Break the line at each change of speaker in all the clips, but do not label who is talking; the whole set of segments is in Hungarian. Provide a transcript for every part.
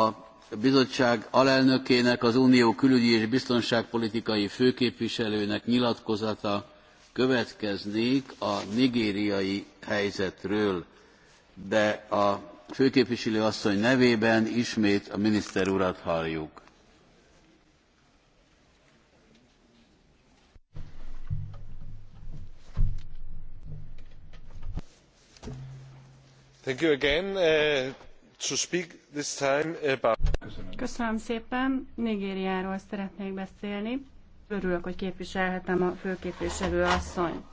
a bizottság alelnökének az unió külügyi és biztonságpolitikai főképviselőjének nyilatkozata következnék a nigériai helyzetről de a főképviselő asszony nevében ismét a miniszter urat halljuk.
Thank you again uh, to speak
Köszönöm szépen. Nigériáról szeretnék beszélni. Örülök, hogy képviselhetem a főképviselő asszony.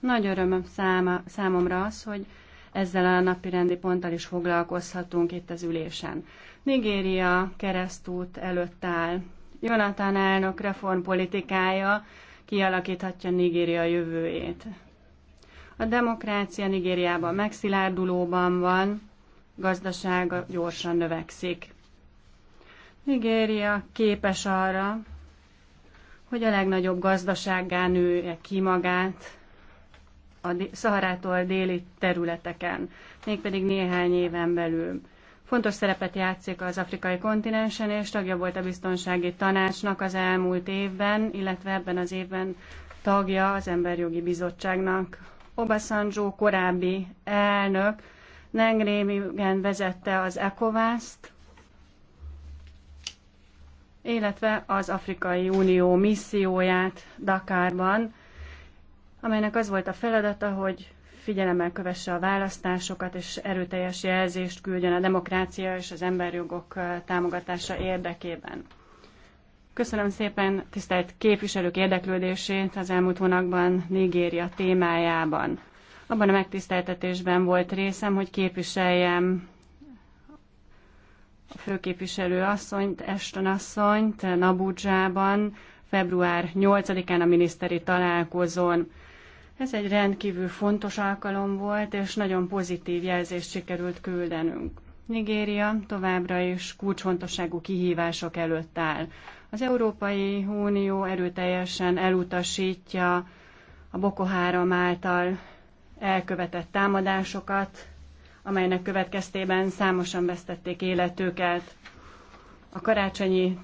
Nagy örömöm száma, számomra az, hogy ezzel a napi rendi ponttal is foglalkozhatunk itt az ülésen. Nigéria keresztút előtt áll. Jonathan elnök reformpolitikája kialakíthatja Nigéria jövőjét. A demokrácia Nigériában megszilárdulóban van, gazdasága gyorsan növekszik. Nigéria képes arra, hogy a legnagyobb gazdasággá nője ki magát a Szaharától déli területeken, mégpedig néhány éven belül. Fontos szerepet játszik az afrikai kontinensen, és tagja volt a biztonsági tanácsnak az elmúlt évben, illetve ebben az évben tagja az Emberjogi Bizottságnak. Obasanjo korábbi elnök Nengrémigen vezette az ECOWAS-t, illetve az Afrikai Unió misszióját Dakárban, amelynek az volt a feladata, hogy figyelemmel kövesse a választásokat, és erőteljes jelzést küldjön a demokrácia és az emberjogok támogatása érdekében. Köszönöm szépen tisztelt képviselők érdeklődését az elmúlt hónapban Nigéria témájában. Abban a megtiszteltetésben volt részem, hogy képviseljem a főképviselő asszonyt, Eston asszonyt Nabudzsában február 8-án a miniszteri találkozón. Ez egy rendkívül fontos alkalom volt, és nagyon pozitív jelzést sikerült küldenünk. Nigéria továbbra is kulcsfontosságú kihívások előtt áll. Az Európai Unió erőteljesen elutasítja a Boko Haram által elkövetett támadásokat, amelynek következtében számosan vesztették életüket. A karácsonyi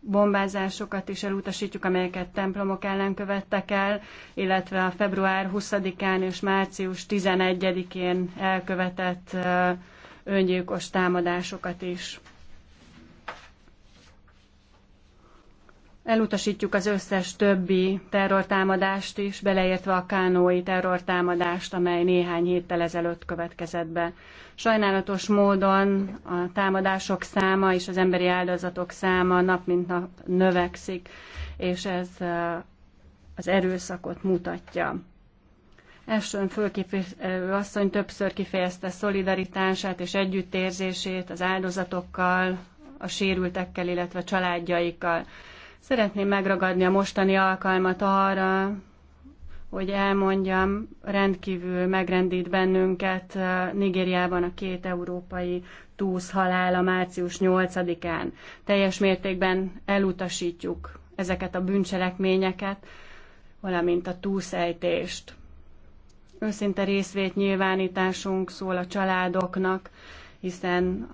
bombázásokat is elutasítjuk, amelyeket templomok ellen követtek el, illetve a február 20-án és március 11-én elkövetett öngyilkos támadásokat is. Elutasítjuk az összes többi terrortámadást is, beleértve a kánói terrortámadást, amely néhány héttel ezelőtt következett be. Sajnálatos módon a támadások száma és az emberi áldozatok száma nap mint nap növekszik, és ez az erőszakot mutatja. Ashton főképviselő asszony többször kifejezte szolidaritását és együttérzését az áldozatokkal, a sérültekkel, illetve családjaikkal. Szeretném megragadni a mostani alkalmat arra, hogy elmondjam, rendkívül megrendít bennünket eh, Nigériában a két európai túsz halála március 8-án. Teljes mértékben elutasítjuk ezeket a bűncselekményeket, valamint a túszejtést. Őszinte részvét nyilvánításunk szól a családoknak, hiszen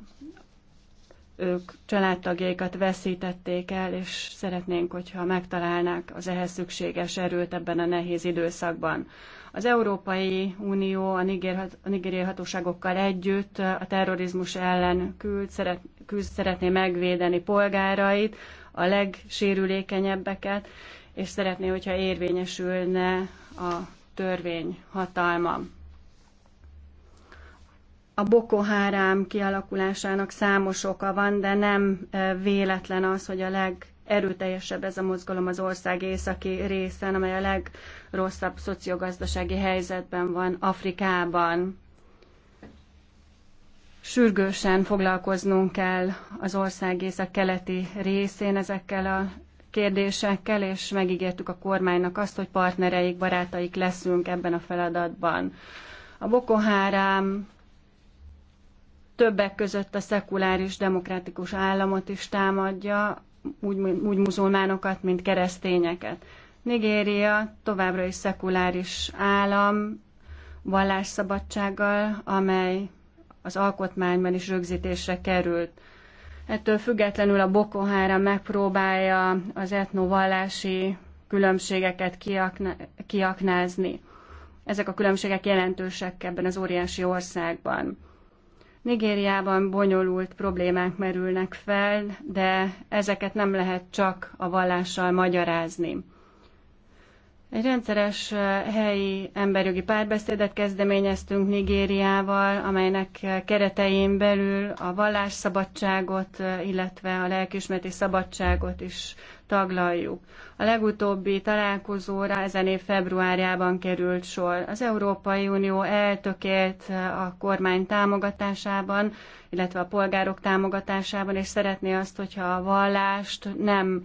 ők családtagjaikat veszítették el, és szeretnénk, hogyha megtalálnák az ehhez szükséges erőt ebben a nehéz időszakban. Az Európai Unió a, niger, a nigériai hatóságokkal együtt a terrorizmus ellen küld, szeret, küzd, szeretné megvédeni polgárait, a legsérülékenyebbeket, és szeretné, hogyha érvényesülne a törvény hatalma a Boko Haram kialakulásának számos oka van, de nem véletlen az, hogy a legerőteljesebb ez a mozgalom az ország északi részen, amely a legrosszabb szociogazdasági helyzetben van Afrikában. Sürgősen foglalkoznunk kell az ország észak-keleti részén ezekkel a kérdésekkel, és megígértük a kormánynak azt, hogy partnereik, barátaik leszünk ebben a feladatban. A Boko Haram többek között a szekuláris demokratikus államot is támadja, úgy, úgy muzulmánokat, mint keresztényeket. Nigéria továbbra is szekuláris állam, vallásszabadsággal, amely az alkotmányban is rögzítésre került. Ettől függetlenül a Boko Haram megpróbálja az etnovallási különbségeket kiakna, kiaknázni. Ezek a különbségek jelentősek ebben az óriási országban. Nigériában bonyolult problémák merülnek fel, de ezeket nem lehet csak a vallással magyarázni. Egy rendszeres eh, helyi emberjogi párbeszédet kezdeményeztünk Nigériával, amelynek keretein belül a vallásszabadságot, eh, illetve a lelkismereti szabadságot is taglaljuk. A legutóbbi találkozóra ezen év februárjában került sor. Az Európai Unió eltökélt a kormány támogatásában, illetve a polgárok támogatásában, és szeretné azt, hogyha a vallást nem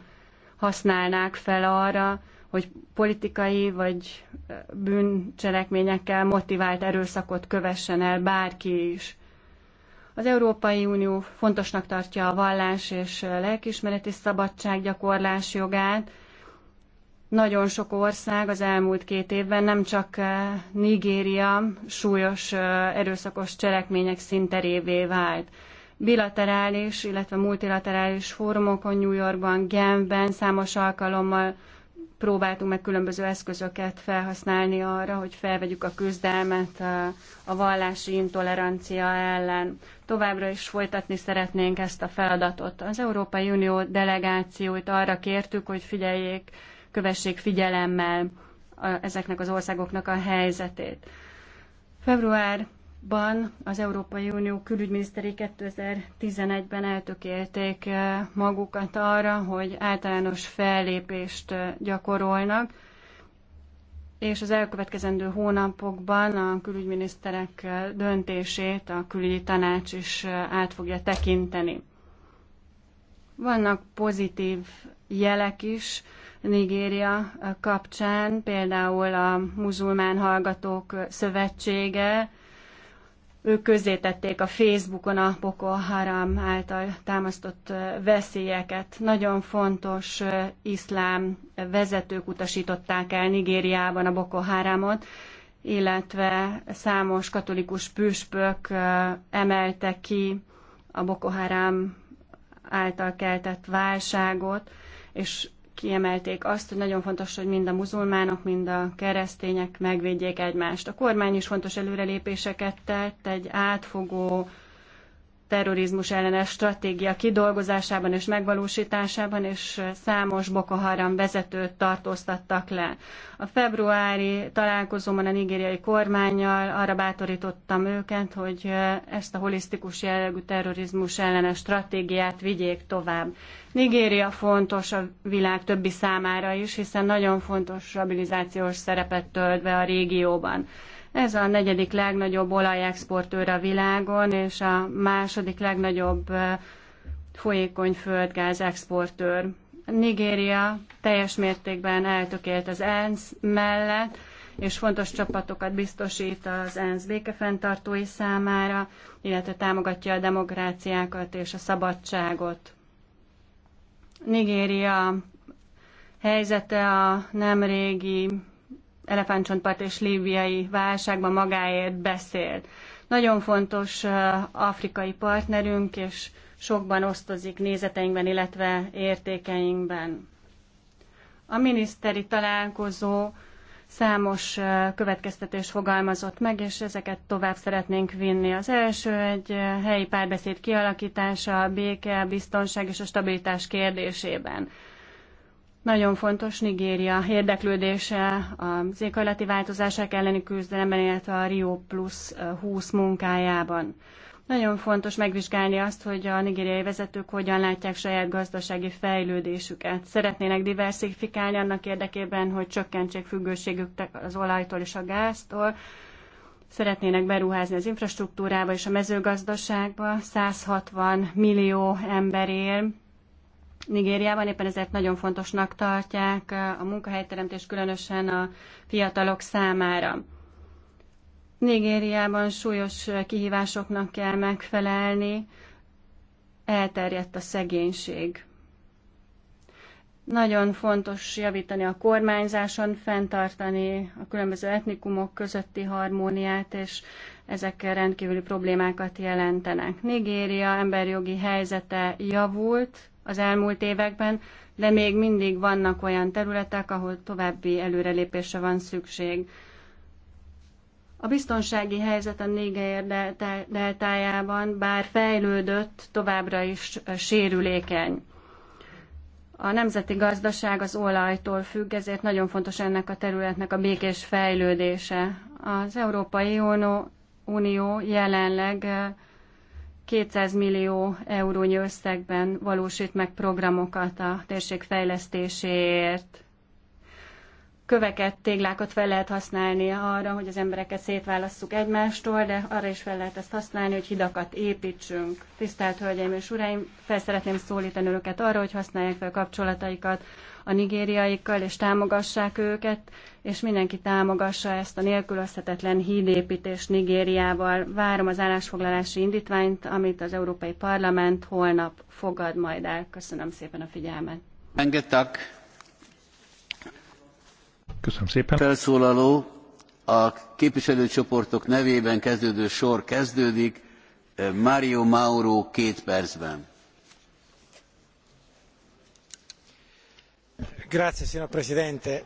használnák fel arra, hogy politikai vagy bűncselekményekkel motivált erőszakot kövessen el bárki is. Az Európai Unió fontosnak tartja a vallás és lelkismereti szabadság gyakorlás jogát. Nagyon sok ország az elmúlt két évben, nem csak eh, Nigéria súlyos eh, erőszakos cselekmények szinterévé vált. Bilaterális, illetve multilaterális fórumokon New Yorkban, Genfben számos alkalommal próbáltunk meg különböző eszközöket felhasználni arra, hogy felvegyük a küzdelmet a vallási intolerancia ellen. Továbbra is folytatni szeretnénk ezt a feladatot. Az Európai Unió delegációit arra kértük, hogy figyeljék, kövessék figyelemmel ezeknek az országoknak a helyzetét. Február Ban az Európai Unió külügyminiszteri 2011-ben eltökélték eh, magukat arra, hogy általános fellépést eh, gyakorolnak, és az elkövetkezendő hónapokban a külügyminiszterek eh, döntését a külügyi tanács is át fogja tekinteni. Vannak pozitív jelek is Nigéria kapcsán, például a Muzulmán Hallgatók Szövetsége, ők közzétették a Facebookon a Boko Haram által támasztott veszélyeket. Nagyon fontos iszlám vezetők utasították el Nigériában a Boko Haramot, illetve számos katolikus püspök emelte ki a Boko Haram által keltett válságot, és kiemelték azt, hogy nagyon fontos, hogy mind a muzulmánok, mind a keresztények megvédjék egymást. A kormány is fontos előrelépéseket tett, egy átfogó terrorizmus ellenes stratégia kidolgozásában és megvalósításában, és számos Boko Haram vezetőt tartóztattak le. A februári találkozómon a nigériai kormányjal arra bátorítottam őket, hogy ezt a holisztikus jellegű terrorizmus ellenes stratégiát vigyék tovább. Nigéria fontos a világ többi számára is, hiszen nagyon fontos stabilizációs szerepet tölt be a régióban. Ez a negyedik legnagyobb olajexportőr a világon, és a második legnagyobb folyékony földgáz exportőr. Nigéria teljes mértékben eltökélt az ENSZ mellett, és fontos csapatokat biztosít az ENSZ békefenntartói számára, illetve támogatja a demokráciákat és a szabadságot. Nigéria helyzete a nemrégi elefántcsontpart és líbiai válságban magáért beszélt. Nagyon fontos afrikai partnerünk, és sokban osztozik nézeteinkben, illetve értékeinkben. A miniszteri találkozó számos következtetés fogalmazott meg, és ezeket tovább szeretnénk vinni. Az első egy helyi párbeszéd kialakítása a béke, a biztonság és a stabilitás kérdésében. Nagyon fontos Nigéria érdeklődése az éghajlati változások elleni küzdelemben, illetve a Rio Plus 20 munkájában. Nagyon fontos megvizsgálni azt, hogy a nigériai vezetők hogyan látják saját gazdasági fejlődésüket. Szeretnének diversifikálni annak érdekében, hogy csökkentsék függőségüket az olajtól és a gáztól. Szeretnének beruházni az infrastruktúrába és a mezőgazdaságba. 160 millió ember él Nigériában, éppen ezért nagyon fontosnak tartják a munkahelyteremtés különösen a fiatalok számára. Nigériában súlyos kihívásoknak kell megfelelni, elterjedt a szegénység. Nagyon fontos javítani a kormányzáson, fenntartani a különböző etnikumok közötti harmóniát, és ezekkel rendkívüli problémákat jelentenek. Nigéria emberjogi helyzete javult, az elmúlt években, de még mindig vannak olyan területek, ahol további előrelépésre van szükség. A biztonsági helyzet a Niger deltájában, bár fejlődött, továbbra is sérülékeny. A nemzeti gazdaság az olajtól függ, ezért nagyon fontos ennek a területnek a békés fejlődése. Az Európai Unió jelenleg 200 millió eurónyi összegben valósít meg programokat a térség fejlesztéséért. Köveket, téglákat fel lehet használni arra, hogy az embereket szétválasszuk egymástól, de arra is fel lehet ezt használni, hogy hidakat építsünk. Tisztelt Hölgyeim és Uraim, fel szeretném szólítani önöket arra, hogy használják fel kapcsolataikat a nigériaikkal, és támogassák őket, és mindenki támogassa ezt a nélkülözhetetlen hídépítést Nigériával. Várom az állásfoglalási indítványt, amit az Európai Parlament holnap fogad majd el. Köszönöm szépen a figyelmet.
Engedtek. Köszönöm szépen. Felszólaló a képviselőcsoportok nevében
kezdődő sor kezdődik. Mario Mauro két percben.
Grazie, signor Presidente.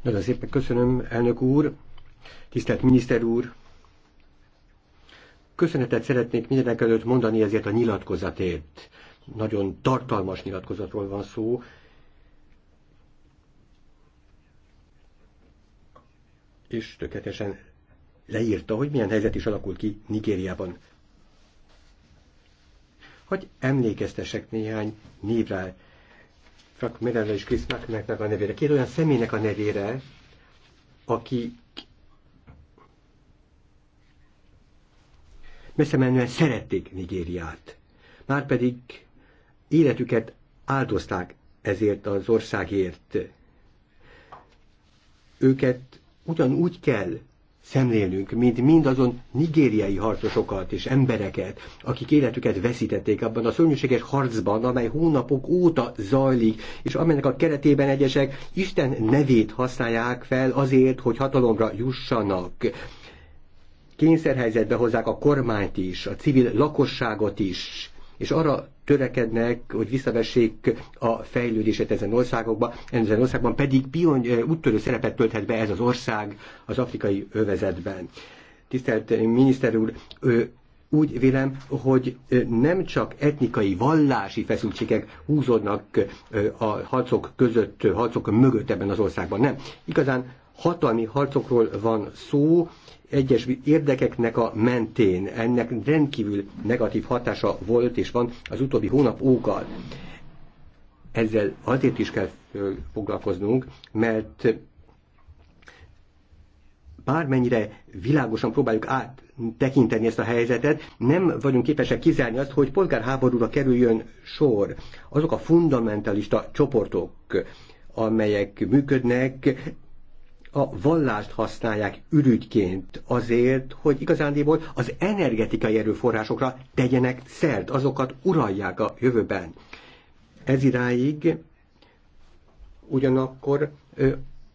Nagyon szépen köszönöm, elnök úr, tisztelt miniszter úr. Köszönetet szeretnék mindenek előtt mondani ezért a nyilatkozatért. Nagyon tartalmas nyilatkozatról van szó, és tökéletesen leírta, hogy milyen helyzet is alakult ki Nigériában. Hogy emlékeztessek néhány névre, csak Miranda és Chris a nevére. Két olyan személynek a nevére, aki messze menően szerették Nigériát. Márpedig életüket áldozták ezért az országért. Őket ugyanúgy kell szemlélünk, mint mindazon nigériai harcosokat és embereket, akik életüket veszítették abban a szörnyűséges harcban, amely hónapok óta zajlik, és amelynek a keretében egyesek Isten nevét használják fel azért, hogy hatalomra jussanak kényszerhelyzetbe hozzák a kormányt is, a civil lakosságot is, és arra törekednek, hogy visszavessék a fejlődését ezen országokban, ezen országban pedig pion, úttörő szerepet tölthet be ez az ország az afrikai övezetben. Tisztelt miniszter úr, úgy vélem, hogy nem csak etnikai, vallási feszültségek húzódnak a harcok között, harcok mögött ebben az országban, nem. Igazán hatalmi harcokról van szó, egyes érdekeknek a mentén. Ennek rendkívül negatív hatása volt és van az utóbbi hónap ókal. Ezzel azért is kell foglalkoznunk, mert bármennyire világosan próbáljuk át tekinteni ezt a helyzetet, nem vagyunk képesek kizárni azt, hogy polgárháborúra kerüljön sor. Azok a fundamentalista csoportok, amelyek működnek, a vallást használják ürügyként azért, hogy igazándiból az energetikai erőforrásokra tegyenek szert, azokat uralják a jövőben. Ez idáig ugyanakkor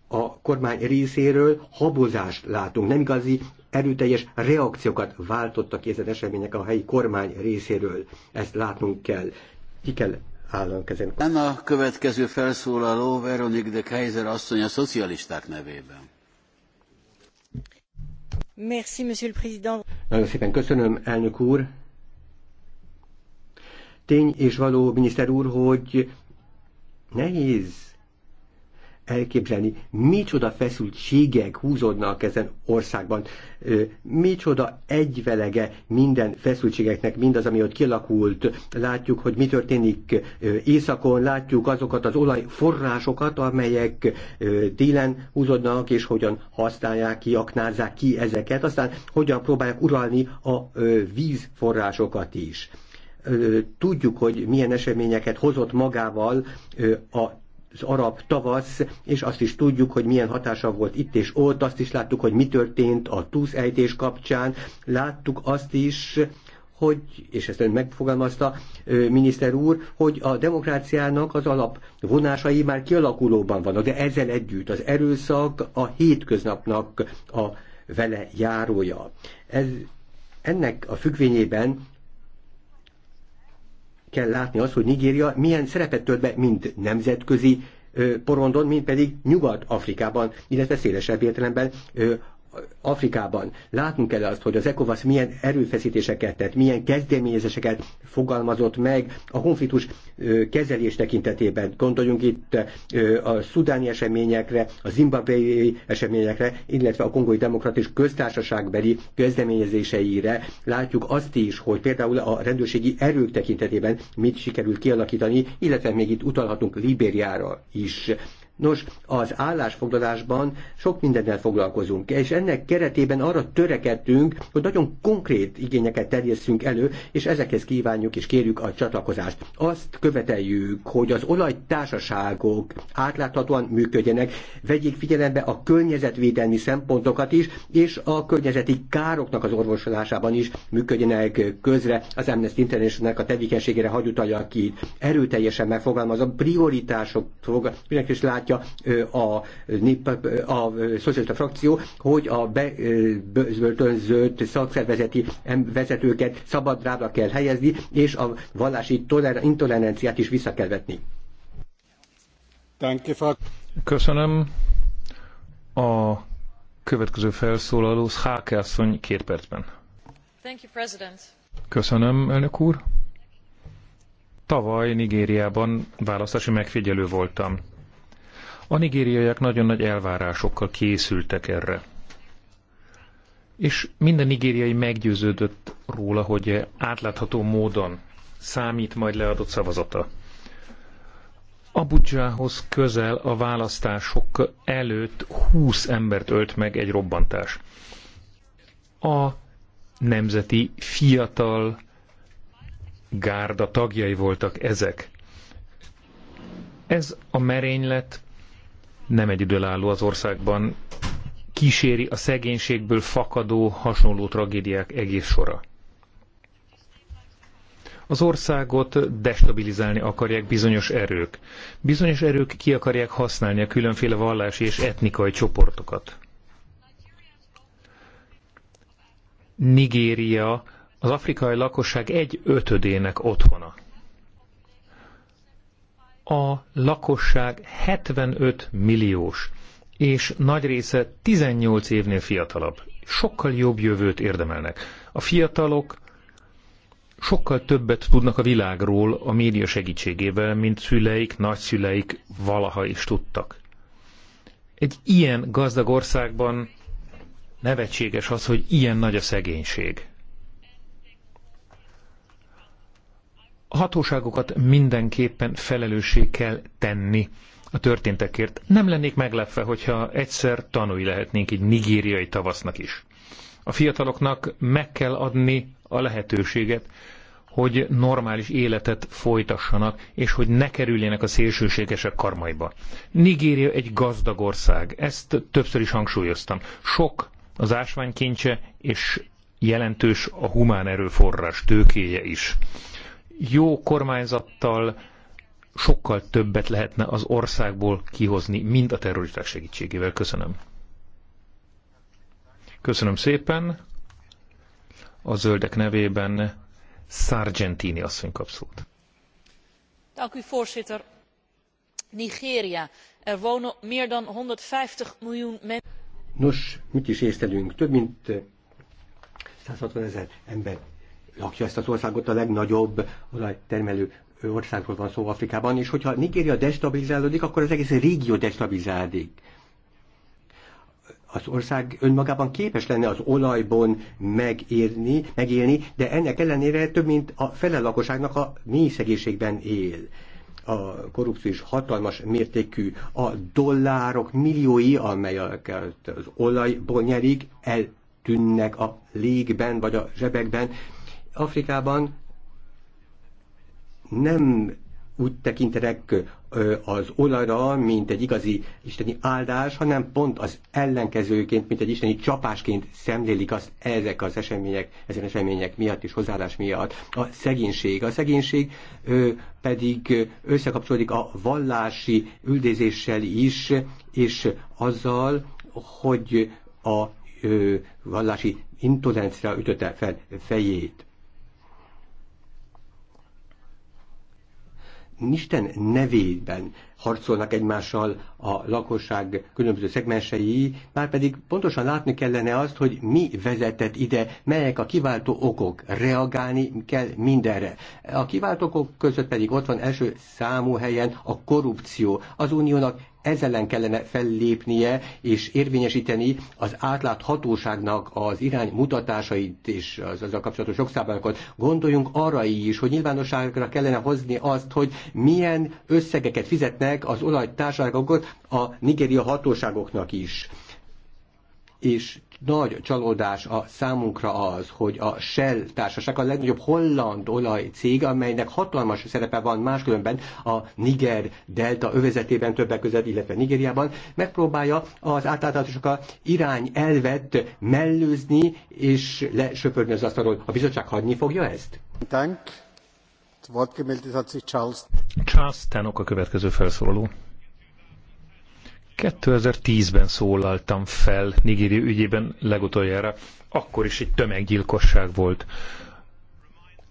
a kormány részéről habozást látunk, nem igazi erőteljes reakciókat váltottak ki ezen események a helyi kormány részéről. Ezt látnunk kell. Ki kell államkezén.
A következő felszólaló Veronique de Kaiser asszony a szocialisták nevében. Merci, monsieur le président.
Nagyon szépen köszönöm, elnök úr. Tény és való, miniszter úr, hogy nehéz elképzelni, micsoda feszültségek húzódnak ezen országban, micsoda egyvelege minden feszültségeknek, mindaz, ami ott kialakult. Látjuk, hogy mi történik északon, látjuk azokat az olajforrásokat, amelyek délen húzódnak, és hogyan használják ki, aknázzák ki ezeket, aztán hogyan próbálják uralni a vízforrásokat is tudjuk, hogy milyen eseményeket hozott magával a az arab tavasz, és azt is tudjuk, hogy milyen hatása volt itt és ott, azt is láttuk, hogy mi történt a túszejtés kapcsán, láttuk azt is, hogy, és ezt ön megfogalmazta, miniszter úr, hogy a demokráciának az alap vonásai már kialakulóban vannak, de ezzel együtt az erőszak a hétköznapnak a vele járója. Ez, ennek a függvényében kell látni azt, hogy Nigéria milyen szerepet tölt be, mind nemzetközi porondon, mint pedig Nyugat-Afrikában, illetve szélesebb értelemben Afrikában. Látnunk kell azt, hogy az ECOWAS milyen erőfeszítéseket tett, milyen kezdeményezéseket fogalmazott meg a konfliktus kezelés tekintetében. Gondoljunk itt a szudáni eseményekre, a zimbabwei eseményekre, illetve a kongói demokratikus köztársaságbeli kezdeményezéseire. Látjuk azt is, hogy például a rendőrségi erők tekintetében mit sikerült kialakítani, illetve még itt utalhatunk Libériára is. Nos, az állásfoglalásban sok mindennel foglalkozunk, és ennek keretében arra törekedtünk, hogy nagyon konkrét igényeket terjesszünk elő, és ezekhez kívánjuk és kérjük a csatlakozást. Azt követeljük, hogy az olajtársaságok átláthatóan működjenek, vegyék figyelembe a környezetvédelmi szempontokat is, és a környezeti károknak az orvosolásában is működjenek közre. Az Amnesty International a tevékenységére hagyutaljak ki. Erőteljesen megfogalmazom, prioritások, mindenki is lát, látja a, nép, a szocialista frakció, hogy a bebörtönzött szakszervezeti vezetőket szabadrábra kell helyezni, és a vallási intoleranciát is vissza kell vetni.
Köszönöm. A következő felszólaló Háke asszony két percben. Köszönöm, elnök úr. Tavaly Nigériában választási megfigyelő voltam. A nigériaiak nagyon nagy elvárásokkal készültek erre. És minden nigériai meggyőződött róla, hogy átlátható módon számít majd leadott szavazata. Abudzsához közel a választások előtt 20 embert ölt meg egy robbantás. A nemzeti fiatal gárda tagjai voltak ezek. Ez a merénylet nem egyedülálló az országban, kíséri a szegénységből fakadó hasonló tragédiák egész sora. Az országot destabilizálni akarják bizonyos erők. Bizonyos erők ki akarják használni a különféle vallási és etnikai csoportokat. Nigéria az afrikai lakosság egy ötödének otthona a lakosság 75 milliós, és nagy része 18 évnél fiatalabb. Sokkal jobb jövőt érdemelnek. A fiatalok sokkal többet tudnak a világról a média segítségével, mint szüleik, nagyszüleik valaha is tudtak. Egy ilyen gazdag országban nevetséges az, hogy ilyen nagy a szegénység. A hatóságokat mindenképpen felelőssé kell tenni a történtekért. Nem lennék meglepve, hogyha egyszer tanúi lehetnénk egy nigériai tavasznak is. A fiataloknak meg kell adni a lehetőséget, hogy normális életet folytassanak, és hogy ne kerüljenek a szélsőségesek karmaiba. Nigéria egy gazdag ország, ezt többször is hangsúlyoztam. Sok az ásványkincse, és jelentős a humán erőforrás tőkéje is jó kormányzattal sokkal többet lehetne az országból kihozni, mint a terroristák segítségével. Köszönöm. Köszönöm szépen. A zöldek nevében Sargentini asszony kap szót.
Nigeria. Er wonen meer
dan 150 miljoen mensen.
Nos, mit is észlelünk? Több mint 160 ezer ember lakja ezt az országot, a legnagyobb olajtermelő országról van szó Afrikában, és hogyha Nigéria destabilizálódik, akkor az egész régió destabilizálódik. Az ország önmagában képes lenne az olajban megérni, megélni, de ennek ellenére több mint a fele lakosságnak a mély szegénységben él a korrupció is hatalmas mértékű, a dollárok milliói, amelyeket az olajból nyerik, eltűnnek a légben vagy a zsebekben, Afrikában nem úgy tekintenek az olajra, mint egy igazi isteni áldás, hanem pont az ellenkezőként, mint egy isteni csapásként szemlélik azt ezek az események, ezen események miatt és hozzáállás miatt. A szegénység. A szegénység pedig összekapcsolódik a vallási üldézéssel is, és azzal, hogy a vallási intolerancia ütötte fel fejét. Isten nevében harcolnak egymással a lakosság különböző szegmensei, már pedig pontosan látni kellene azt, hogy mi vezetett ide, melyek a kiváltó okok, reagálni kell mindenre. A kiváltó okok között pedig ott van első számú helyen a korrupció. Az uniónak ez ellen kellene fellépnie és érvényesíteni az átláthatóságnak az iránymutatásait és az azzal kapcsolatos jogszabályokat. Gondoljunk arra is, hogy nyilvánosságra kellene hozni azt, hogy milyen összegeket fizetnek az olajtársaságokat a Nigeria hatóságoknak is és nagy csalódás a számunkra az, hogy a Shell társaság a legnagyobb holland olajcég, amelynek hatalmas szerepe van máskülönben a Niger delta övezetében többek között, illetve Nigériában, megpróbálja az átláthatóság irány elvet mellőzni és lesöpörni az asztalról. A bizottság hagyni fogja ezt? Dank.
Charles Tannock a következő felszólaló. 2010-ben szólaltam fel Nigéria ügyében legutoljára, akkor is egy tömeggyilkosság volt.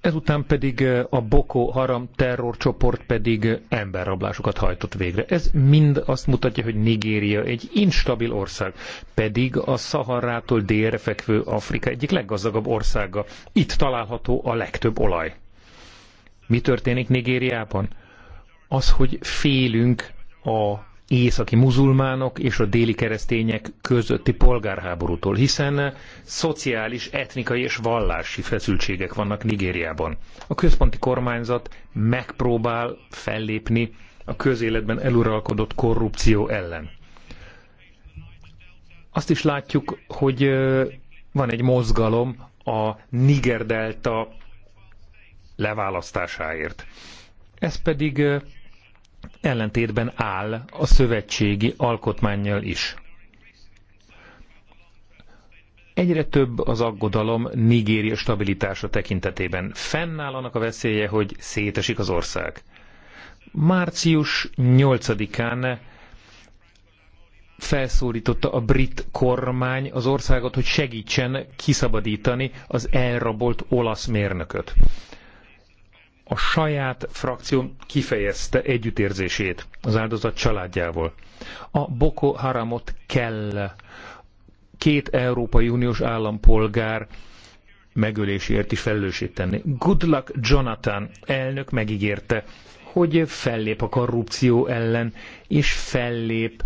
Ezután pedig eh, a Boko Haram terrorcsoport pedig emberrablásokat hajtott végre. Ez mind azt mutatja, hogy Nigéria egy instabil ország, pedig a Szaharrától délre fekvő Afrika egyik leggazdagabb országa. Itt található a legtöbb olaj. Mi történik Nigériában? Az, hogy félünk a északi muzulmánok és a déli keresztények közötti polgárháborútól, hiszen szociális, etnikai és vallási feszültségek vannak Nigériában. A központi kormányzat megpróbál fellépni a közéletben eluralkodott korrupció ellen. Azt is látjuk, hogy van egy mozgalom a Niger Delta leválasztásáért. Ez pedig ellentétben áll a szövetségi alkotmányjal is. Egyre több az aggodalom Nigéria stabilitása tekintetében. Fennáll annak a veszélye, hogy szétesik az ország. Március 8-án felszólította a brit kormány az országot, hogy segítsen kiszabadítani az elrabolt olasz mérnököt a saját frakcióm kifejezte együttérzését az áldozat családjával. A Boko Haramot kell két Európai Uniós állampolgár megölésért is felelősét tenni. Good luck Jonathan elnök megígérte, hogy fellép a korrupció ellen, és fellép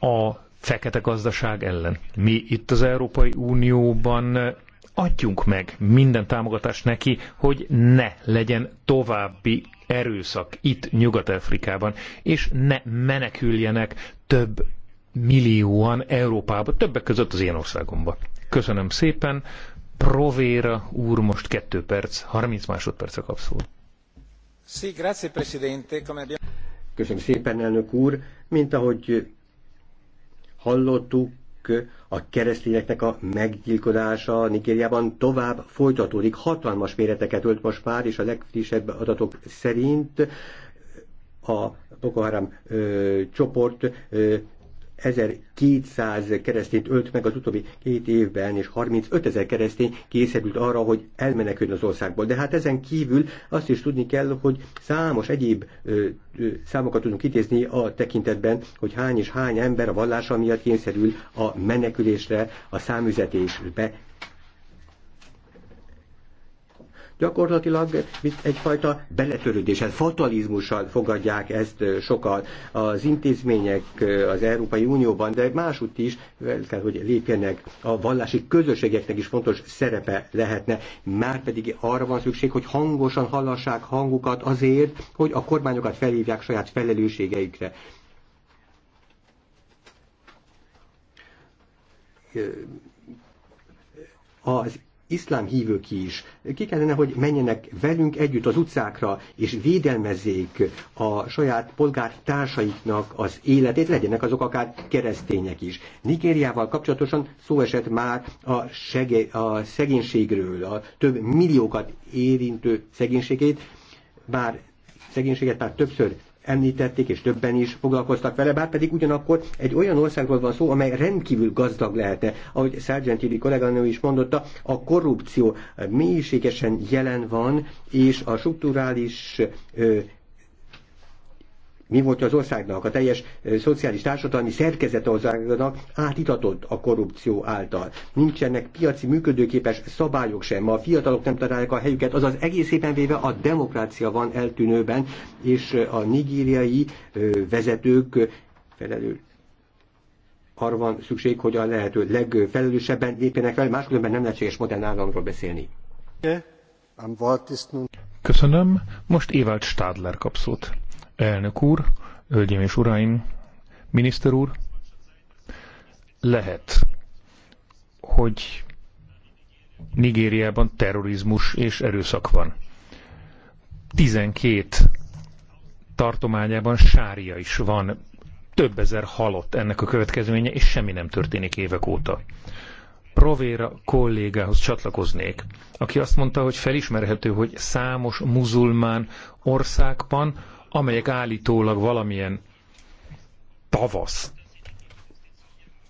a fekete gazdaság ellen. Mi itt az Európai Unióban adjunk meg minden támogatást neki, hogy ne legyen további erőszak itt Nyugat-Afrikában, és ne meneküljenek több millióan Európába, többek között az én országomba. Köszönöm szépen. Provéra úr most 2 perc, 30 másodperce kap szót. Köszönöm szépen,
elnök úr. Mint ahogy hallottuk, a keresztényeknek a meggyilkodása Nigériában tovább folytatódik. Hatalmas méreteket ölt most már, és a legfrissebb adatok szerint a Boko Haram ö, csoport ö, 1200 keresztényt ölt meg az utóbbi két évben, és 35 ezer keresztény készült arra, hogy elmeneküljön az országból. De hát ezen kívül azt is tudni kell, hogy számos egyéb ö, ö, számokat tudunk idézni a tekintetben, hogy hány és hány ember a vallása miatt kényszerül a menekülésre, a számüzetésbe Gyakorlatilag egyfajta beletörődés, hát fatalizmussal fogadják ezt sokan az intézmények az Európai Unióban, de másútt is kell, hogy lépjenek. A vallási közösségeknek is fontos szerepe lehetne. Márpedig arra van szükség, hogy hangosan hallassák hangukat azért, hogy a kormányokat felhívják saját felelősségeikre. az iszlám hívők is, ki kellene, hogy menjenek velünk együtt az utcákra, és védelmezzék a saját polgártársaiknak az életét, legyenek azok akár keresztények is. Nigériával kapcsolatosan szó esett már a, sege, a szegénységről, a több milliókat érintő szegénységét, bár szegénységet már többször említették, és többen is foglalkoztak vele, bár pedig ugyanakkor egy olyan országról van szó, amely rendkívül gazdag lehetne. Ahogy Sargentini kolléganő is mondotta, a korrupció mélységesen jelen van, és a strukturális ö, mi volt az országnak, a teljes szociális társadalmi szerkezete országnak átitatott a korrupció által. Nincsenek piaci működőképes szabályok sem, ma a fiatalok nem találják a helyüket, azaz egészében véve a demokrácia van eltűnőben, és a nigériai vezetők felelős arra van szükség, hogy a lehető legfelelősebben lépjenek fel, máskülönben nem lehetséges modern államról beszélni.
Köszönöm. Most Évált Stadler kap szót. Elnök úr, hölgyeim és uraim, miniszter úr, lehet, hogy Nigériában terrorizmus és erőszak van. 12 tartományában sária is van, több ezer halott ennek a következménye, és semmi nem történik évek óta. Provéra kollégához csatlakoznék, aki azt mondta, hogy felismerhető, hogy számos muzulmán országban amelyek állítólag valamilyen tavasz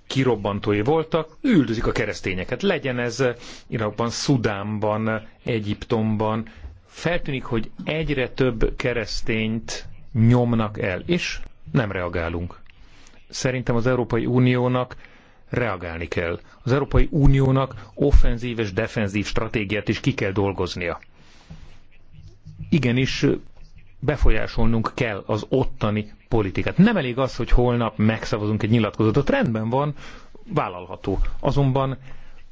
kirobbantói voltak, üldözik a keresztényeket. Legyen ez Irakban, Szudánban, Egyiptomban. Feltűnik, hogy egyre több keresztényt nyomnak el, és nem reagálunk. Szerintem az Európai Uniónak reagálni kell. Az Európai Uniónak offenzív és defenzív stratégiát is ki kell dolgoznia. Igenis befolyásolnunk kell az ottani politikát. Nem elég az, hogy holnap megszavazunk egy nyilatkozatot, rendben van, vállalható. Azonban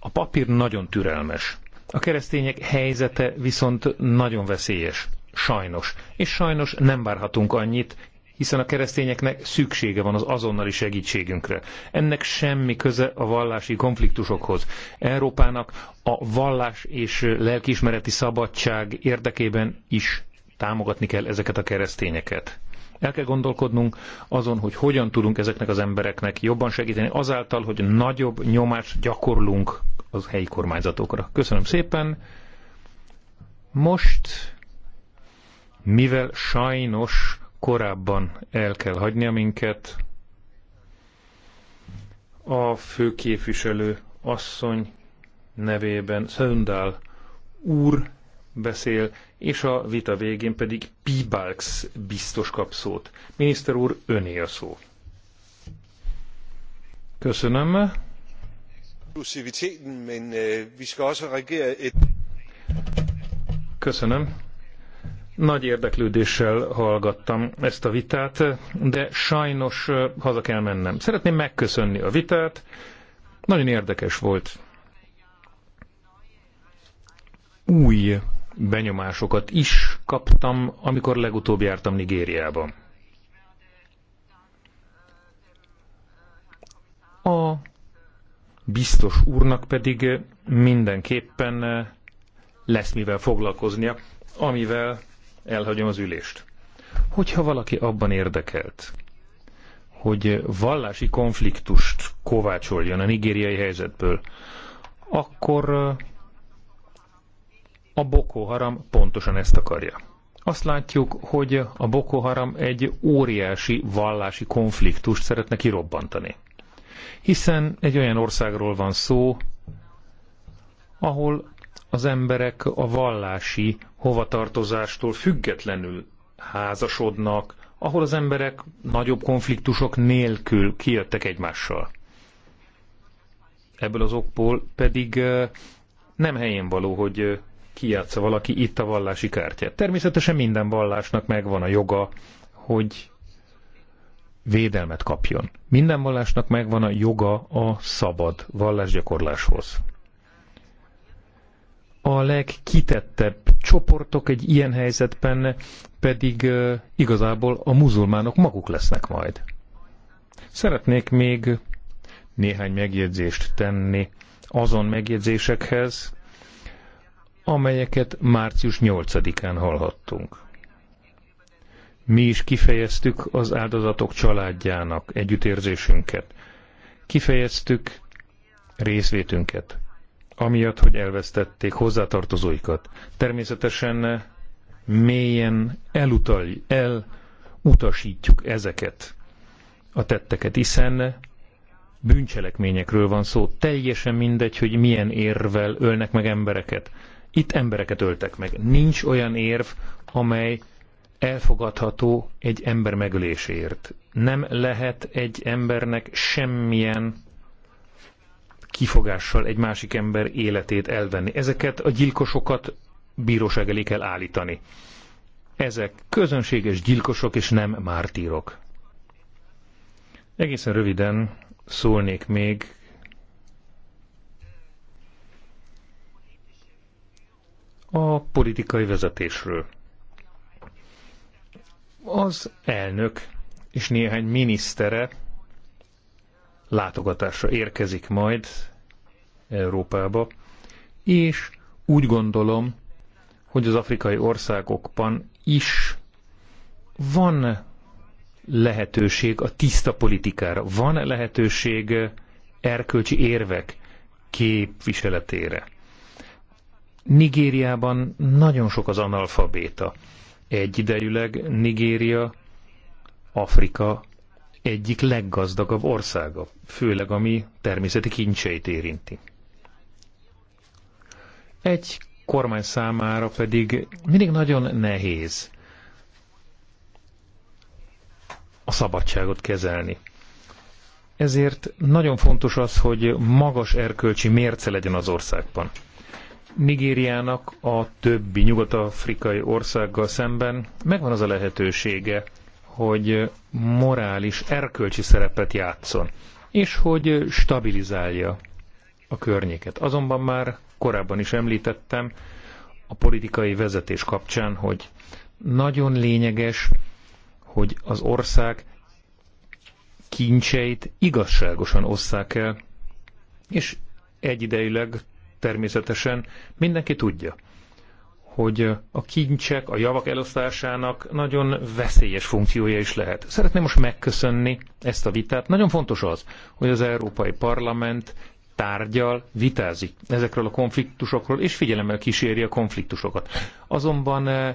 a papír nagyon türelmes. A keresztények helyzete viszont nagyon veszélyes. Sajnos. És sajnos nem várhatunk annyit, hiszen a keresztényeknek szüksége van az azonnali segítségünkre. Ennek semmi köze a vallási konfliktusokhoz. Európának a vallás és lelkiismereti szabadság érdekében is támogatni kell ezeket a keresztényeket. El kell gondolkodnunk azon, hogy hogyan tudunk ezeknek az embereknek jobban segíteni, azáltal, hogy nagyobb nyomást gyakorlunk az helyi kormányzatokra. Köszönöm szépen. Most, mivel sajnos korábban el kell hagynia minket, a főképviselő asszony nevében Szöndál úr beszél, és a vita végén pedig Pibalks biztos kap szót. Miniszter úr, öné a szó. Köszönöm. Øh, Köszönöm. Nagy érdeklődéssel hallgattam ezt a vitát, de sajnos haza kell mennem. Szeretném megköszönni a vitát, nagyon érdekes volt. Új benyomásokat is kaptam, amikor legutóbb jártam Nigériában. A biztos úrnak pedig mindenképpen lesz mivel foglalkoznia, amivel elhagyom az ülést. Hogyha valaki abban érdekelt, hogy vallási konfliktust kovácsoljon a nigériai helyzetből, akkor a Boko Haram pontosan ezt akarja. Azt látjuk, hogy a Boko Haram egy óriási vallási konfliktust szeretne kirobbantani. Hiszen egy olyan országról van szó, ahol az emberek a vallási hovatartozástól függetlenül házasodnak, ahol az emberek nagyobb konfliktusok nélkül kijöttek egymással. Ebből az okból pedig eh, nem helyén való, hogy eh, kijátsza valaki itt a vallási kártyát. Természetesen minden vallásnak megvan a joga, hogy védelmet kapjon. Minden vallásnak megvan a joga a szabad vallásgyakorláshoz. A legkitettebb csoportok egy ilyen helyzetben pedig igazából a muzulmánok maguk lesznek majd. Szeretnék még néhány megjegyzést tenni azon megjegyzésekhez, amelyeket március 8-án hallhattunk. Mi is kifejeztük az áldozatok családjának együttérzésünket. Kifejeztük részvétünket, amiatt, hogy elvesztették hozzátartozóikat. Természetesen mélyen elutal, elutasítjuk ezeket a tetteket, hiszen bűncselekményekről van szó. Teljesen mindegy, hogy milyen érvel ölnek meg embereket. Itt embereket öltek meg. Nincs olyan érv, amely elfogadható egy ember megöléséért. Nem lehet egy embernek semmilyen kifogással egy másik ember életét elvenni. Ezeket a gyilkosokat bíróság elé kell állítani. Ezek közönséges gyilkosok és nem mártírok. Egészen röviden szólnék még a politikai vezetésről. Az elnök és néhány minisztere látogatásra érkezik majd Európába, és úgy gondolom, hogy az afrikai országokban is van lehetőség a tiszta politikára, van lehetőség erkölcsi érvek képviseletére. Nigériában nagyon sok az analfabéta. Egyidejűleg Nigéria Afrika egyik leggazdagabb országa, főleg ami természeti kincseit érinti. Egy kormány számára pedig mindig nagyon nehéz a szabadságot kezelni. Ezért nagyon fontos az, hogy magas erkölcsi mérce legyen az országban. Nigériának a többi nyugat-afrikai országgal szemben megvan az a lehetősége, hogy morális, erkölcsi szerepet játszon, és hogy stabilizálja a környéket. Azonban már korábban is említettem a politikai vezetés kapcsán, hogy nagyon lényeges, hogy az ország kincseit igazságosan osszák el, és egyidejűleg természetesen mindenki tudja, hogy a kincsek, a javak elosztásának nagyon veszélyes funkciója is lehet. Szeretném most megköszönni ezt a vitát. Nagyon fontos az, hogy az Európai Parlament tárgyal, vitázik ezekről a konfliktusokról, és figyelemmel kíséri a konfliktusokat. Azonban eh,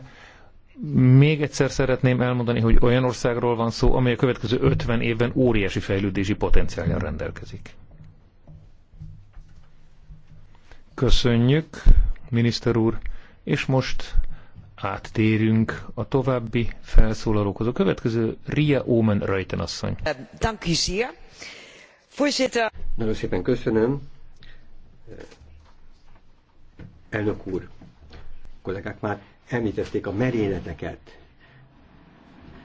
még egyszer szeretném elmondani, hogy olyan országról van szó, amely a következő 50 évben óriási fejlődési potenciállal rendelkezik. Köszönjük, miniszter úr, és most áttérünk a további felszólalókhoz. A következő Ria Omen Rajten asszony. Nagyon szépen köszönöm.
Elnök úr, kollégák már említették a merényleteket.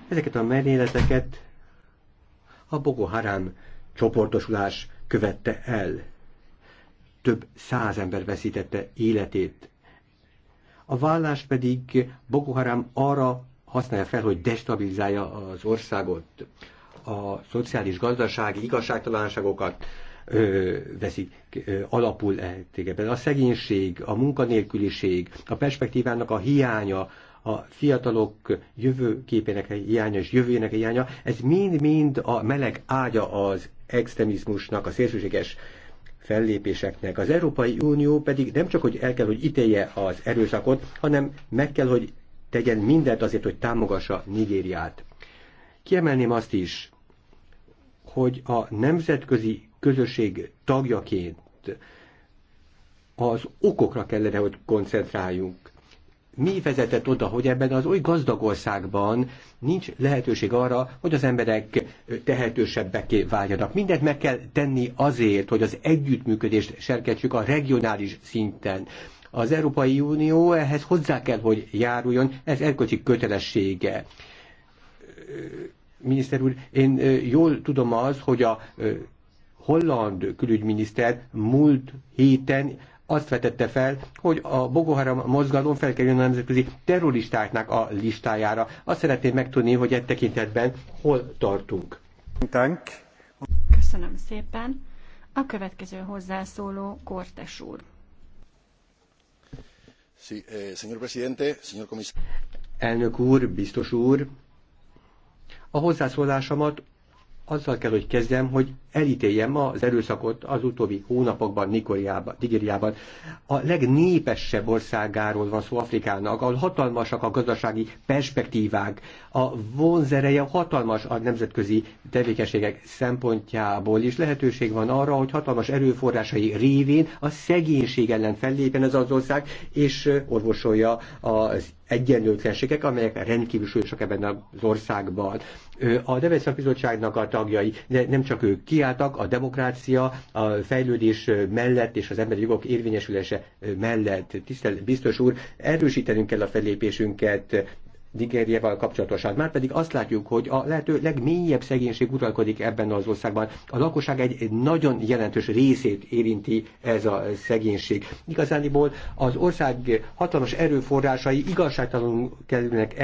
Ezeket a merényleteket a Boko Haram csoportosulás követte el több száz ember veszítette életét. A vállás pedig Boko Haram arra használja fel, hogy destabilizálja az országot. A szociális gazdasági igazságtalanságokat veszik alapul eltégeben. A szegénység, a munkanélküliség, a perspektívának a hiánya, a fiatalok jövőképének a hiánya és jövőjének a hiánya, ez mind-mind a meleg ágya az extremizmusnak, a szélsőséges fellépéseknek. Az Európai Unió pedig nem csak, hogy el kell, hogy ítélje az erőszakot, hanem meg kell, hogy tegyen mindent azért, hogy támogassa Nigériát. Kiemelném azt is, hogy a nemzetközi közösség tagjaként az okokra kellene, hogy koncentráljunk mi vezetett oda, hogy ebben az oly gazdag országban nincs lehetőség arra, hogy az emberek tehetősebbeké váljanak. Mindent meg kell tenni azért, hogy az együttműködést serkentsük a regionális szinten. Az Európai Unió ehhez hozzá kell, hogy járuljon, ez erkölcsi kötelessége. Miniszter úr, én jól tudom az, hogy a holland külügyminiszter múlt héten azt vetette fel, hogy a Boko Haram mozgalom felkerül a nemzetközi terroristáknak a listájára. Azt szeretném megtudni, hogy e tekintetben hol tartunk.
Köszönöm szépen. A következő hozzászóló Kortes úr.
Sí, eh, señor presidente, señor comisario. Elnök úr, biztos úr, a hozzászólásomat azzal kell, hogy kezdjem, hogy elítéljem az erőszakot az utóbbi hónapokban Nikoriában, Nigériában. A legnépesebb országáról van szó Afrikának, ahol hatalmasak a gazdasági perspektívák, a vonzereje hatalmas a nemzetközi tevékenységek szempontjából is lehetőség van arra, hogy hatalmas erőforrásai révén a szegénység ellen fellépjen ez az ország, és orvosolja az egyenlőtlenségek, amelyek rendkívül súlyosak ebben az országban. A Devesszak Bizottságnak a tagjai de nem csak ők kiálltak, a demokrácia, a fejlődés mellett és az emberi jogok érvényesülése mellett. Tisztelt biztos úr, erősítenünk kell a fellépésünket Nigériával kapcsolatosan. Már pedig azt látjuk, hogy a lehető legmélyebb szegénység uralkodik ebben az országban. A lakosság egy, egy nagyon jelentős részét érinti ez a szegénység. Igazániból az ország hatalmas erőforrásai igazságtalanul kerülnek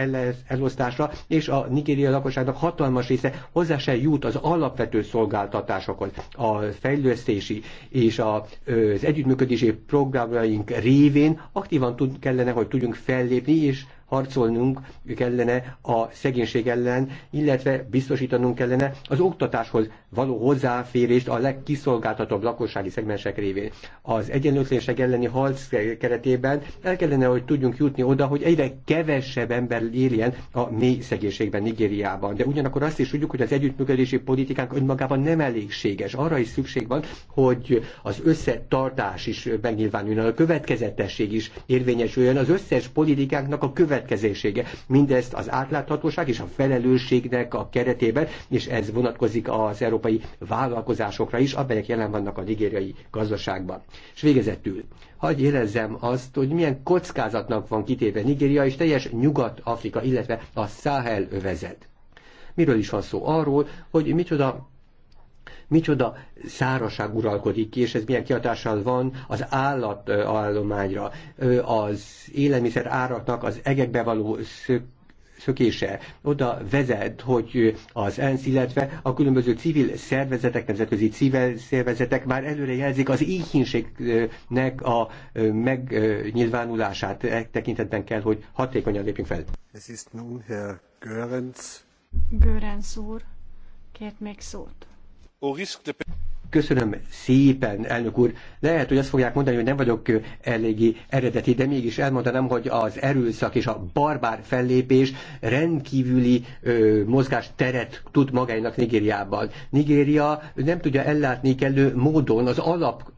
elosztásra, és a nigériai lakosságnak hatalmas része hozzá se jut az alapvető szolgáltatásokhoz. A fejlesztési és a, az együttműködési programjaink révén aktívan tud, kellene, hogy tudjunk fellépni, és harcolnunk kellene a szegénység ellen, illetve biztosítanunk kellene az oktatáshoz való hozzáférést a legkiszolgáltatóbb lakossági szegmensek révén. Az egyenlőtlenség elleni harc keretében el kellene, hogy tudjunk jutni oda, hogy egyre kevesebb ember éljen a mély szegénységben Nigériában. De ugyanakkor azt is tudjuk, hogy az együttműködési politikánk önmagában nem elégséges. Arra is szükség van, hogy az összetartás is megnyilvánuljon, a következetesség is érvényesüljön, az összes politikánknak a követ következésége. Mindezt az átláthatóság és a felelősségnek a keretében, és ez vonatkozik az európai vállalkozásokra is, amelyek jelen vannak a nigériai gazdaságban. És végezetül, hagyj érezzem azt, hogy milyen kockázatnak van kitéve Nigéria és teljes Nyugat-Afrika, illetve a Száhel övezet. Miről is van szó? Arról, hogy micsoda micsoda szárazság uralkodik ki, és ez milyen kihatással van az állatállományra, az élelmiszer áraknak az egekbe való szök szökése oda vezet, hogy az ENSZ, illetve a különböző civil szervezetek, nemzetközi civil szervezetek már előre jelzik az íhínségnek a megnyilvánulását. E tekintetben kell, hogy hatékonyan lépjünk fel. Ez ist nun Herr Görenz.
Görenz úr, kért még szót.
Köszönöm szépen, elnök úr. Lehet, hogy azt fogják mondani, hogy nem vagyok eléggé eredeti, de mégis elmondanám, hogy az erőszak és a barbár fellépés rendkívüli ö, mozgás teret tud magának Nigériában. Nigéria nem tudja ellátni kellő módon az alap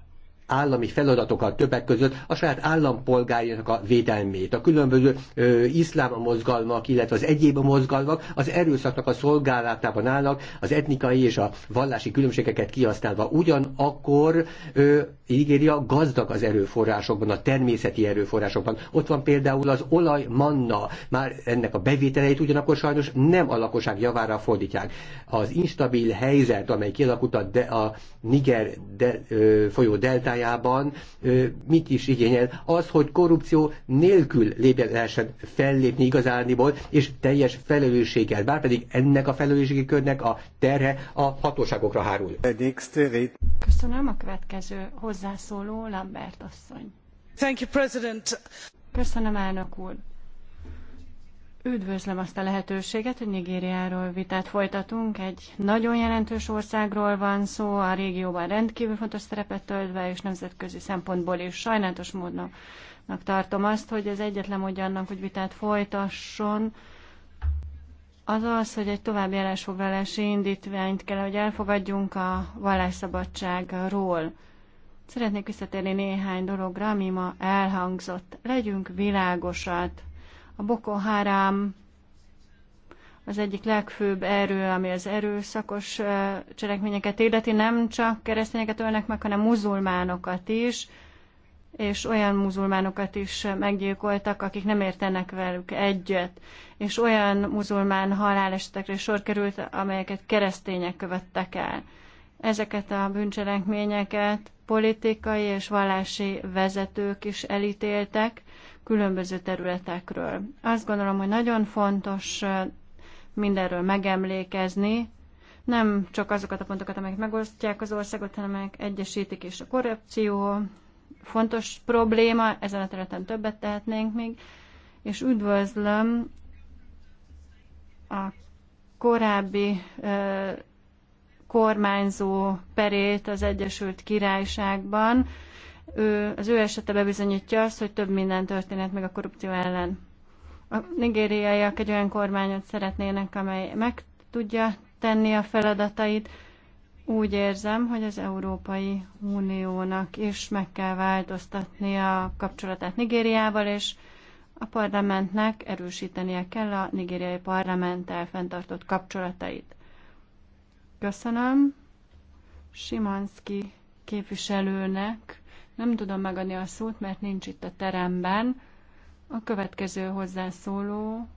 állami feladatokat többek között a saját állampolgárjának a védelmét. A különböző ö, iszlám mozgalmak, illetve az egyéb mozgalmak az erőszaknak a szolgálatában állnak, az etnikai és a vallási különbségeket kihasználva. Ugyanakkor ö, Nigéria gazdag az erőforrásokban, a természeti erőforrásokban. Ott van például az olaj manna, már ennek a bevételeit ugyanakkor sajnos nem a lakosság javára fordítják. Az instabil helyzet, amely kialakult a, de, a Niger de, ö, folyó deltáján, munkájában mit is igényel. Az, hogy korrupció nélkül lehessen fellépni igazániból, és teljes felelősséggel, bárpedig ennek a felelősségi körnek a terhe a hatóságokra hárul.
Köszönöm a következő hozzászóló Lambert asszony. Thank you, President. Köszönöm, elnök úr. Üdvözlöm azt a lehetőséget, hogy Nigériáról vitát folytatunk. Egy nagyon jelentős országról van szó, a régióban rendkívül fontos szerepet töltve, és nemzetközi szempontból is sajnálatos módon tartom azt, hogy az egyetlen módja annak, hogy vitát folytasson, az az, hogy egy további állásfoglalási indítványt kell, hogy elfogadjunk a vallásszabadságról. Szeretnék visszatérni néhány dologra, ami ma elhangzott. Legyünk világosat. A Boko Haram az egyik legfőbb erő, ami az erőszakos cselekményeket illeti, nem csak keresztényeket ölnek meg, hanem muzulmánokat is, és olyan muzulmánokat is meggyilkoltak, akik nem értenek velük egyet, és olyan muzulmán halálesetekre sor került, amelyeket keresztények követtek el. Ezeket a bűncselekményeket politikai és vallási vezetők is elítéltek, különböző területekről. Azt gondolom, hogy nagyon fontos mindenről megemlékezni, nem csak azokat a pontokat, amelyek megosztják az országot, hanem amelyek egyesítik, és a korrupció fontos probléma, ezen a területen többet tehetnénk még, és üdvözlöm a korábbi kormányzó perét az Egyesült Királyságban, ő, az ő esete bebizonyítja azt, hogy több minden történet meg a korrupció ellen. A nigériaiak egy olyan kormányot szeretnének, amely meg tudja tenni a feladatait. Úgy érzem, hogy az Európai Uniónak is meg kell változtatni a kapcsolatát Nigériával, és a parlamentnek erősítenie kell a nigériai parlamenttel fenntartott kapcsolatait. Köszönöm Simanski képviselőnek nem tudom megadni a szót, mert nincs itt a teremben. A következő hozzászóló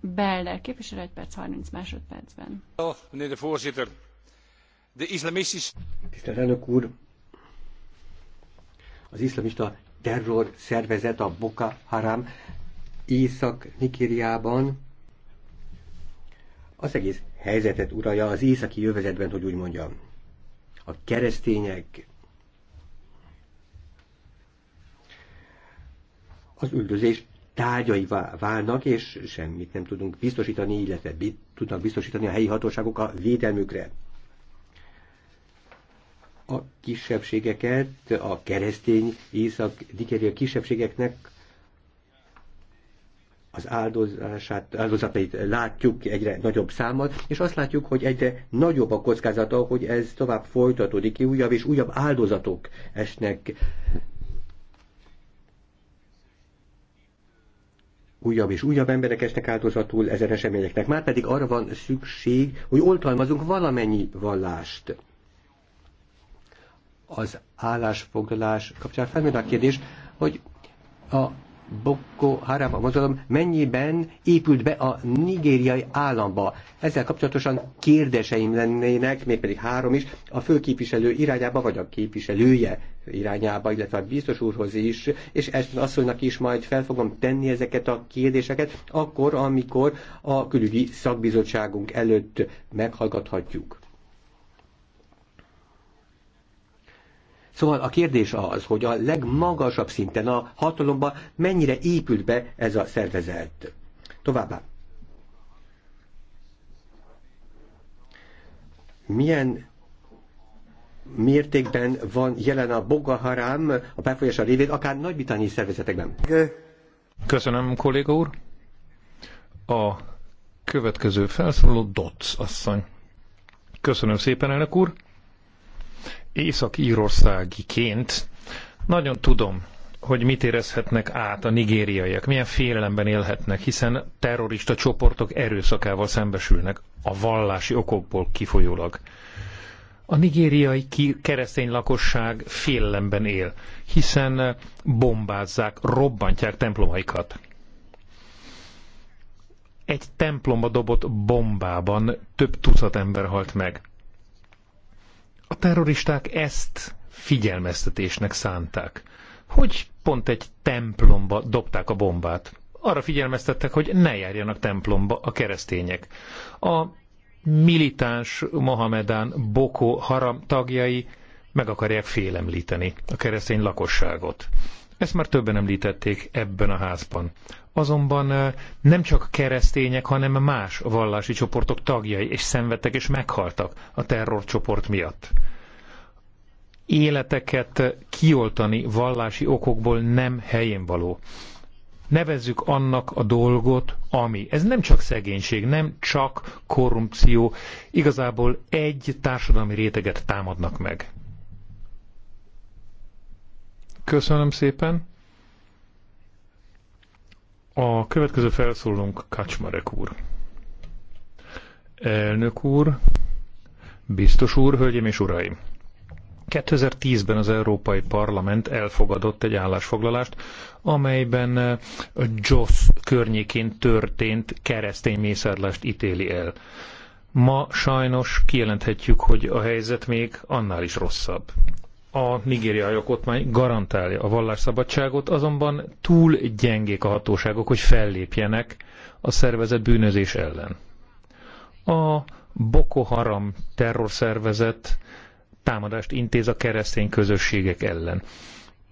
Belder képviselő 1 perc 30 másodpercben.
Tisztelt elnök úr!
Az iszlamista terror szervezet a Boko Haram Észak-Nikériában az egész helyzetet uralja az északi jövezetben, hogy úgy mondjam. A keresztények az üldözés tárgyai válnak, és semmit nem tudunk biztosítani, illetve tudnak biztosítani a helyi hatóságok a védelmükre. A kisebbségeket, a keresztény észak-dikeria kisebbségeknek az áldozását, áldozatait látjuk egyre nagyobb számmal, és azt látjuk, hogy egyre nagyobb a kockázata, hogy ez tovább folytatódik ki, újabb és újabb áldozatok esnek újabb és újabb emberek esnek áldozatul ezen eseményeknek. Már pedig arra van szükség, hogy oltalmazunk valamennyi vallást. Az állásfoglalás kapcsán felmerül a kérdés, hogy a Boko Haram, a mozgalom mennyiben épült be a nigériai államba. Ezzel kapcsolatosan kérdéseim lennének, mégpedig három is, a főképviselő irányába, vagy a képviselője irányába, illetve a biztos úrhoz is, és ezt asszonynak is majd fel fogom tenni ezeket a kérdéseket, akkor, amikor a külügyi szakbizottságunk előtt meghallgathatjuk. Szóval a kérdés az, hogy a legmagasabb szinten a hatalomban mennyire épült be ez a szervezet. Továbbá. Milyen mértékben van jelen a Bogaharám a befolyása révén, akár nagy szervezetekben?
Köszönöm, kolléga úr. A következő felszóló Dotz asszony. Köszönöm szépen, elnök úr észak-írországiként nagyon tudom, hogy mit érezhetnek át a nigériaiak, milyen félelemben élhetnek, hiszen terrorista csoportok erőszakával szembesülnek, a vallási okokból kifolyólag. A nigériai keresztény lakosság félelemben él, hiszen bombázzák, robbantják templomaikat. Egy templomba dobott bombában több tucat ember halt meg. A terroristák ezt figyelmeztetésnek szánták, hogy pont egy templomba dobták a bombát. Arra figyelmeztettek, hogy ne járjanak templomba a keresztények. A militáns Mohamedán Boko Haram tagjai meg akarják félemlíteni a keresztény lakosságot. Ezt már többen említették ebben a házban azonban nem csak keresztények, hanem más vallási csoportok tagjai, és szenvedtek és meghaltak a terrorcsoport miatt. Életeket kioltani vallási okokból nem helyén való. Nevezzük annak a dolgot, ami. Ez nem csak szegénység, nem csak korrupció. Igazából egy társadalmi réteget támadnak meg. Köszönöm szépen. A következő felszólunk Kacsmarek úr. Elnök úr, biztos úr, hölgyeim és uraim! 2010-ben az Európai Parlament elfogadott egy állásfoglalást, amelyben eh, a Joss környékén történt keresztény mészárlást ítéli el. Ma sajnos kijelenthetjük, hogy a helyzet még annál is rosszabb a nigériai alkotmány garantálja a vallásszabadságot, azonban túl gyengék a hatóságok, hogy fellépjenek a szervezet bűnözés ellen. A Boko Haram terrorszervezet támadást intéz a keresztény közösségek ellen.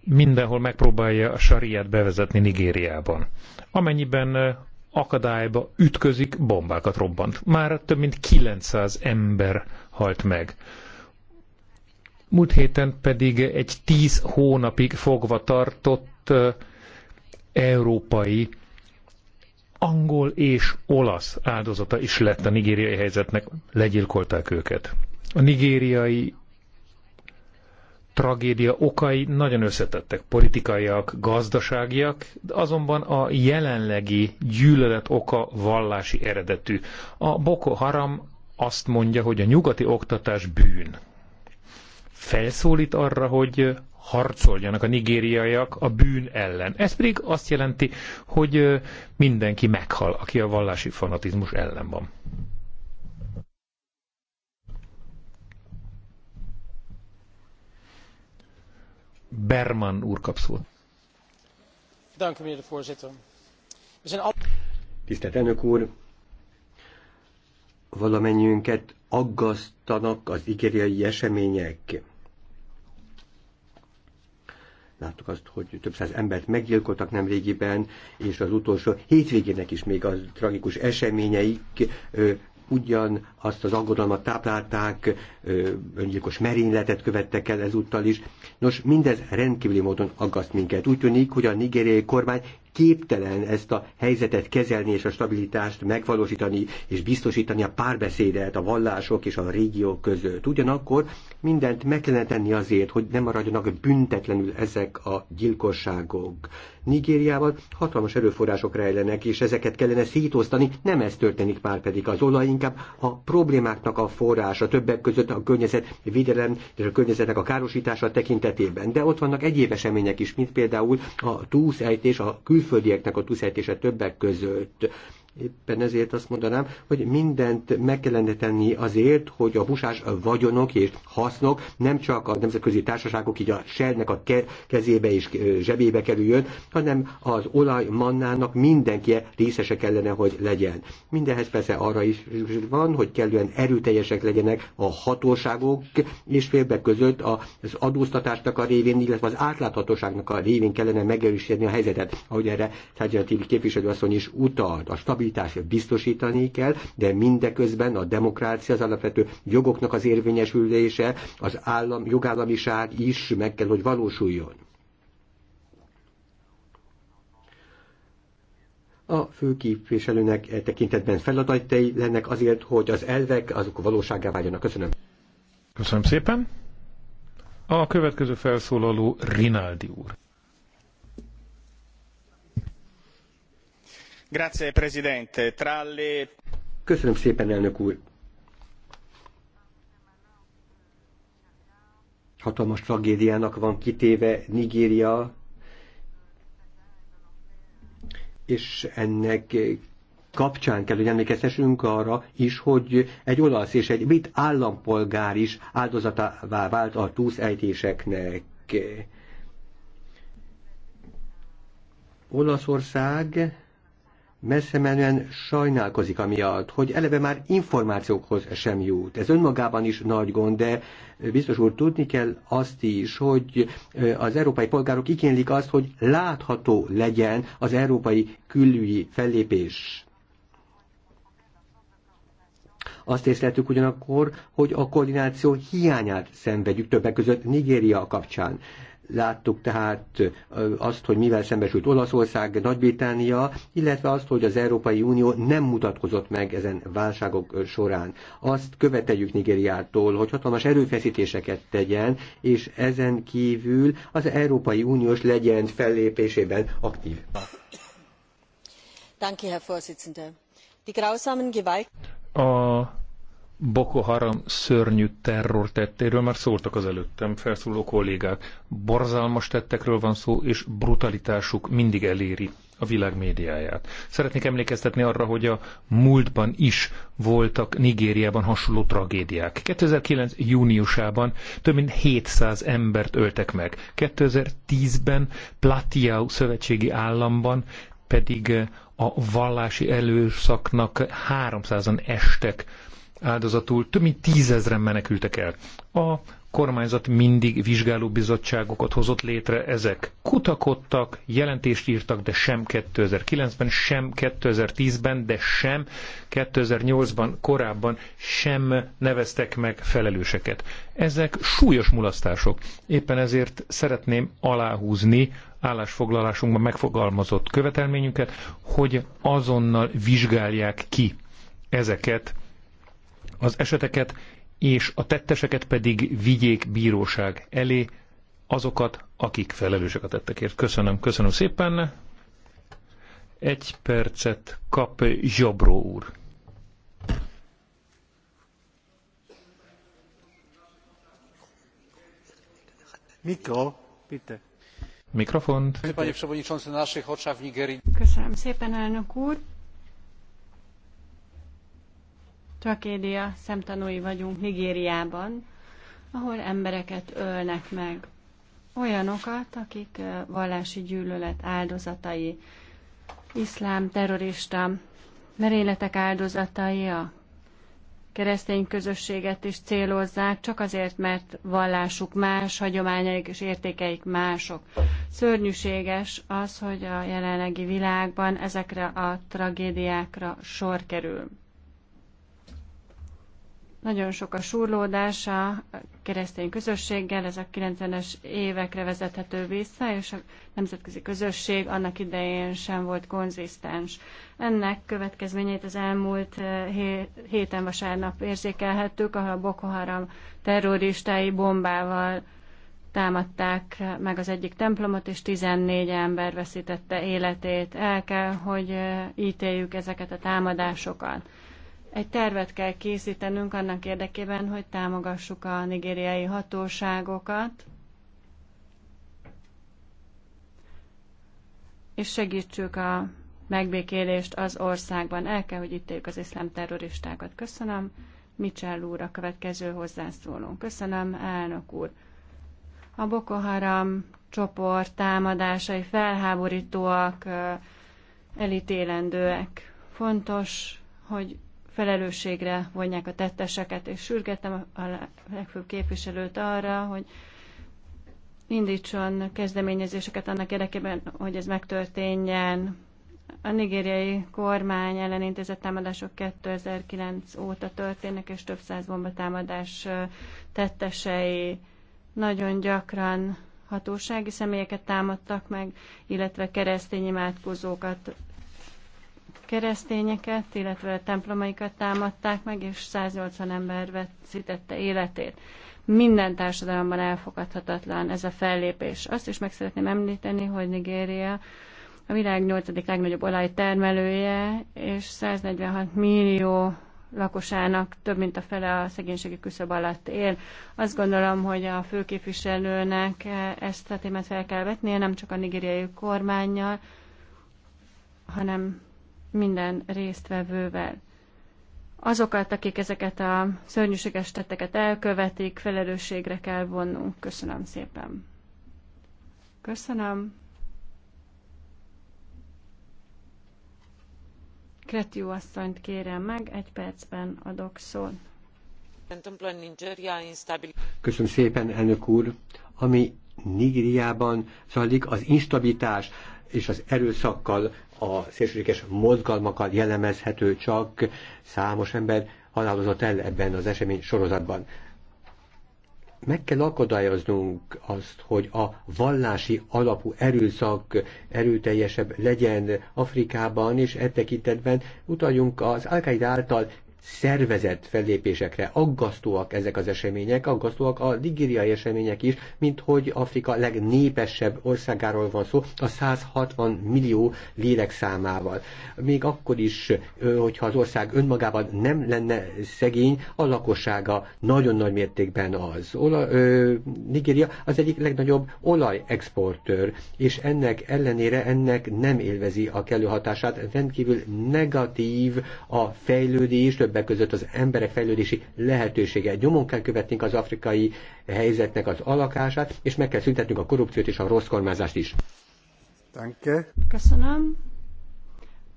Mindenhol megpróbálja a sariát bevezetni Nigériában. Amennyiben akadályba ütközik, bombákat robbant. Már több mint 900 ember halt meg. Múlt héten pedig egy tíz hónapig fogva tartott európai angol és olasz áldozata is lett a nigériai helyzetnek, legyilkolták őket. A nigériai tragédia okai nagyon összetettek, politikaiak, gazdaságiak, de azonban a jelenlegi gyűlölet oka vallási eredetű. A Boko Haram azt mondja, hogy a nyugati oktatás bűn felszólít arra, hogy harcoljanak a nigériaiak a bűn ellen. Ez pedig azt jelenti, hogy mindenki meghal, aki a vallási fanatizmus ellen van. Berman úr kap szót. Tisztelt elnök
úr! Valamennyiünket aggasztanak az igériai események Láttuk azt, hogy több száz embert meggyilkoltak nem régiben, és az utolsó hétvégének is még a tragikus eseményeik ö, ugyan azt az aggodalmat táplálták, öngyilkos merényletet követtek el ezúttal is. Nos, mindez rendkívüli módon aggaszt minket. Úgy tűnik, hogy a nigériai kormány képtelen ezt a helyzetet kezelni és a stabilitást megvalósítani és biztosítani a párbeszédet a vallások és a régió között. Ugyanakkor mindent meg kellene tenni azért, hogy ne maradjanak büntetlenül ezek a gyilkosságok. Nigériában hatalmas erőforrások rejlenek, és ezeket kellene szétosztani, nem ez történik már pedig az olaj inkább a problémáknak a forrása, többek között a környezet környezetvédelem és a környezetnek a károsítása tekintetében. De ott vannak egyéb események is, mint például a túszejtés, a külföldieknek a túszejtése többek között Éppen ezért azt mondanám, hogy mindent meg kellene tenni azért, hogy a busás vagyonok és hasznok nem csak a nemzetközi társaságok, így a shell a kezébe és zsebébe kerüljön, hanem az olajmannának mindenki részese kellene, hogy legyen. Mindenhez persze arra is van, hogy kellően erőteljesek legyenek a hatóságok és félbe között az adóztatásnak a révén, illetve az átláthatóságnak a révén kellene megerősíteni a helyzetet, ahogy erre képviselő képviselőasszony is utalt. A stabil jobbítást biztosítani kell, de mindeközben a demokrácia, az alapvető jogoknak az érvényesülése, az állam, jogállamiság is meg kell, hogy valósuljon. a főképviselőnek e tekintetben feladatai lennek azért, hogy az elvek azok valóságá váljanak. Köszönöm.
Köszönöm szépen. A következő felszólaló Rinaldi úr.
Köszönöm szépen, elnök úr. Hatalmas tragédiának van kitéve Nigéria, és ennek kapcsán kell, hogy emlékeztessünk arra is, hogy egy olasz és egy brit állampolgár is áldozatává vált a túlszejtéseknek. Olaszország messze menően sajnálkozik amiatt, hogy eleve már információkhoz sem jut. Ez önmagában is nagy gond, de biztos úr tudni kell azt is, hogy az európai polgárok igénylik azt, hogy látható legyen az európai külügyi fellépés. Azt észleltük ugyanakkor, hogy a koordináció hiányát szenvedjük többek között Nigéria kapcsán. Láttuk tehát azt, hogy mivel szembesült Olaszország, Nagy-Britannia, illetve azt, hogy az Európai Unió nem mutatkozott meg ezen válságok során. Azt követeljük Nigériától, hogy hatalmas erőfeszítéseket tegyen, és ezen kívül az Európai Uniós legyen fellépésében aktív.
Herr Die grausamen Gewalt...
A Boko Haram szörnyű terror tettéről már szóltak az előttem felszóló kollégák. Borzalmas tettekről van szó, és brutalitásuk mindig eléri a világ médiáját. Szeretnék emlékeztetni arra, hogy a múltban is voltak Nigériában hasonló tragédiák. 2009. júniusában több mint 700 embert öltek meg. 2010-ben Platiau szövetségi államban pedig a vallási előszaknak 300-an estek áldozatul, több mint tízezren menekültek el. A kormányzat mindig vizsgáló bizottságokat hozott létre, ezek kutakodtak, jelentést írtak, de sem 2009-ben, sem 2010-ben, de sem 2008-ban korábban sem neveztek meg felelőseket. Ezek súlyos mulasztások. Éppen ezért szeretném aláhúzni állásfoglalásunkban megfogalmazott követelményünket, hogy azonnal vizsgálják ki ezeket az eseteket, és a tetteseket pedig vigyék bíróság elé azokat, akik felelősek a tettekért. Köszönöm, köszönöm szépen. Egy percet kap Zsobró úr. Mikro, bitte. Mikrofont. Köszönöm
szépen, elnök úr. tragédia szemtanúi vagyunk Nigériában, ahol embereket ölnek meg. Olyanokat, akik vallási gyűlölet áldozatai, iszlám, terrorista, merényletek áldozatai, a keresztény közösséget is célozzák, csak azért, mert vallásuk más, hagyományaik és értékeik mások. Szörnyűséges az, hogy a jelenlegi világban ezekre a tragédiákra sor kerül. Nagyon sok a súrlódása, a keresztény közösséggel, ez a 90-es évekre vezethető vissza, és a nemzetközi közösség annak idején sem volt konzisztens. Ennek következményeit az elmúlt eh, héten vasárnap érzékelhettük, ahol a Boko Haram terroristái bombával támadták meg az egyik templomot, és 14 ember veszítette életét. El kell, hogy eh, ítéljük ezeket a támadásokat. Egy tervet kell készítenünk annak érdekében, hogy támogassuk a nigériai hatóságokat, és segítsük a megbékélést az országban. El kell, hogy ítéljük az iszlám terroristákat. Köszönöm. Michel úr a következő hozzászóló. Köszönöm, elnök úr. A Boko Haram csoport támadásai felháborítóak, elítélendőek. Fontos, hogy felelősségre vonják a tetteseket, és sürgetem a legfőbb képviselőt arra, hogy indítson kezdeményezéseket annak érdekében, hogy ez megtörténjen. A nigériai kormány ellen intézett támadások 2009 óta történnek, és több száz bombatámadás tettesei nagyon gyakran hatósági személyeket támadtak meg, illetve keresztény imádkozókat keresztényeket, illetve templomaikat támadták meg, és 180 ember veszítette életét. Minden társadalomban elfogadhatatlan ez a fellépés. Azt is meg szeretném említeni, hogy Nigéria a világ 8. legnagyobb olajtermelője, és 146 millió lakosának több mint a fele a szegénységi küszöb alatt él. Azt gondolom, hogy a főképviselőnek ezt a témát fel kell vetnie, nem csak a nigériai kormányjal, hanem minden résztvevővel. Azokat, akik ezeket a szörnyűséges tetteket elkövetik, felelősségre kell vonnunk. Köszönöm szépen. Köszönöm. Kretiú asszonyt kérem meg, egy percben adok szót.
Köszönöm szépen, elnök úr. Ami Nigériában zajlik, az instabilitás és az erőszakkal a szélsőséges mozgalmakkal jellemezhető csak számos ember halálozott el ebben az esemény sorozatban. Meg kell akadályoznunk azt, hogy a vallási alapú erőszak erőteljesebb legyen Afrikában, és e tekintetben utaljunk az al által szervezett fellépésekre. Aggasztóak ezek az események, aggasztóak a nigériai események is, mint hogy Afrika legnépesebb országáról van szó, a 160 millió lélek számával. Még akkor is, hogyha az ország önmagában nem lenne szegény, a lakossága nagyon nagy mértékben az. Ola, ö, Nigéria az egyik legnagyobb olajexportőr, és ennek ellenére ennek nem élvezi a kellő hatását. Rendkívül negatív a fejlődés, több többek között az emberek fejlődési lehetősége. Nyomon kell követnünk az afrikai helyzetnek az alakását, és meg kell szüntetnünk a korrupciót és a rossz kormányzást is.
Danke. Köszönöm.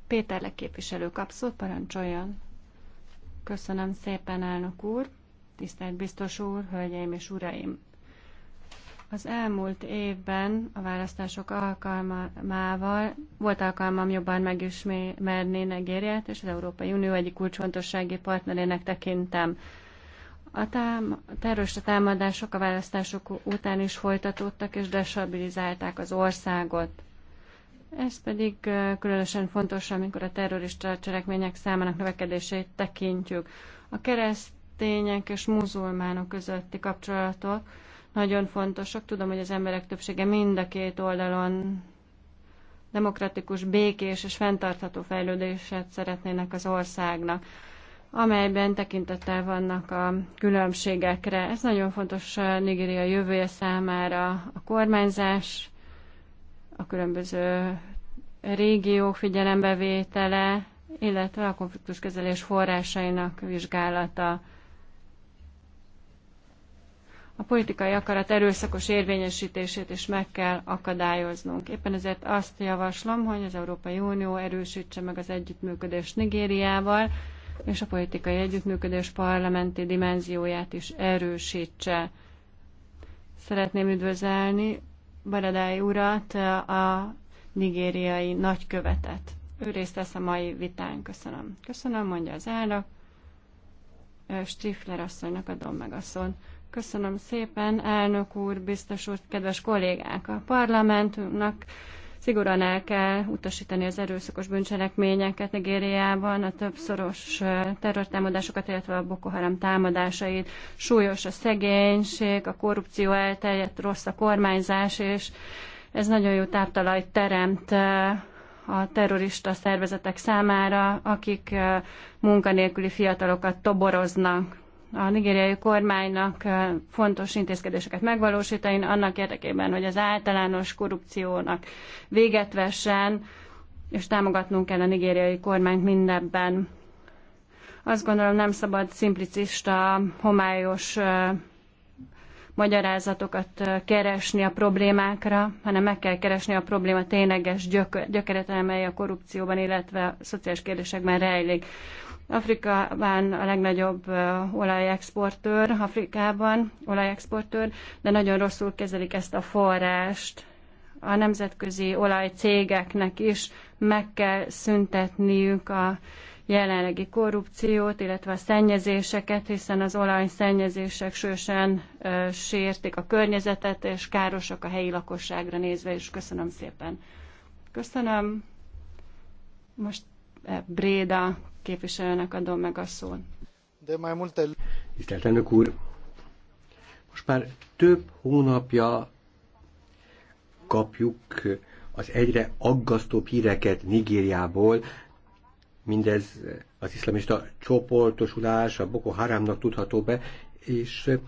Péter legképviselő kapszót parancsoljon. Köszönöm szépen, elnök úr, tisztelt biztos úr, hölgyeim és uraim! Az elmúlt évben a választások alkalmával volt alkalmam jobban megismerni Negériát, és az Európai Unió egyik kulcsfontossági partnerének tekintem. A tám- terrorista támadások a választások után is folytatódtak, és destabilizálták az országot. Ez pedig különösen fontos, amikor a terrorista cselekmények számának növekedését tekintjük. A keresztények és muzulmánok közötti kapcsolatok nagyon fontosak. Tudom, hogy az emberek többsége mind a két oldalon demokratikus, békés és fenntartható fejlődéset szeretnének az országnak, amelyben tekintettel vannak a különbségekre. Ez nagyon fontos Nigéria jövője számára a kormányzás, a különböző régiók figyelembevétele, illetve a konfliktuskezelés forrásainak vizsgálata a politikai akarat erőszakos érvényesítését is meg kell akadályoznunk. Éppen ezért azt javaslom, hogy az Európai Unió erősítse meg az együttműködést Nigériával, és a politikai együttműködés parlamenti dimenzióját is erősítse. Szeretném üdvözelni Baradály urat, a nigériai nagykövetet. Ő részt vesz a mai vitán. Köszönöm. Köszönöm, mondja az állnak. Stifler asszonynak adom meg a szót. Köszönöm szépen, elnök úr, biztos úr, kedves kollégák! A parlamentünknek szigorúan el kell utasítani az erőszakos bűncselekményeket Nigériában, a többszoros terrortámadásokat, illetve a Boko Haram támadásait. Súlyos a szegénység, a korrupció elterjedt, rossz a kormányzás, és ez nagyon jó táptalajt teremt a terrorista szervezetek számára, akik munkanélküli fiatalokat toboroznak a nigériai kormánynak fontos intézkedéseket megvalósítani, annak érdekében, hogy az általános korrupciónak véget vessen, és támogatnunk kell a nigériai kormányt mindebben. Azt gondolom nem szabad szimplicista, homályos magyarázatokat keresni a problémákra, hanem meg kell keresni a probléma tényleges gyökeret, amely a korrupcióban, illetve a szociális kérdésekben rejlik. Afrikában a legnagyobb olajexportőr, Afrikában olajexportőr, de nagyon rosszul kezelik ezt a forrást. A nemzetközi olajcégeknek is meg kell szüntetniük a jelenlegi korrupciót, illetve a szennyezéseket, hiszen az olajszennyezések sősen ö, sértik a környezetet, és károsak a helyi lakosságra nézve és Köszönöm szépen. Köszönöm. Most Bréda képviselőnek adom meg a szót. De
már mondta... Tisztelt elnök úr, most már több hónapja kapjuk az egyre aggasztóbb híreket Nigériából, mindez az iszlamista csoportosulás, a Boko Haramnak tudható be, és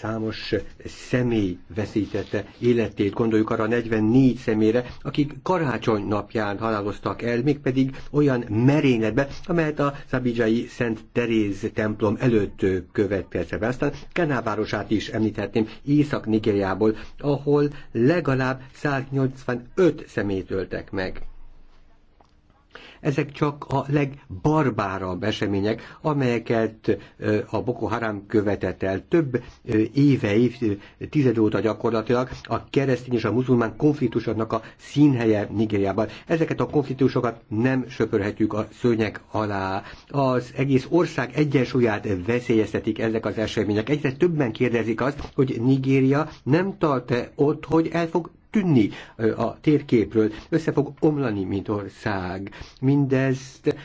számos személy veszítette életét, gondoljuk arra 44 személyre, akik karácsony napján haláloztak el, mégpedig olyan merényletbe, amelyet a Szabidzsai Szent Teréz templom előtt következett be. Aztán Kenávárosát is említhetném, Észak-Nigériából, ahol legalább 185 személyt öltek meg. Ezek csak a legbarbárabb események, amelyeket a Boko Haram követett el több éve, tized óta gyakorlatilag a keresztény és a muzulmán konfliktusoknak a színhelye Nigériában. Ezeket a konfliktusokat nem söpörhetjük a szőnyek alá. Az egész ország egyensúlyát veszélyeztetik ezek az események. Egyre többen kérdezik azt, hogy Nigéria nem tart-e ott, hogy el fog tűnni a térképről, össze fog omlani, mint ország. Mindezt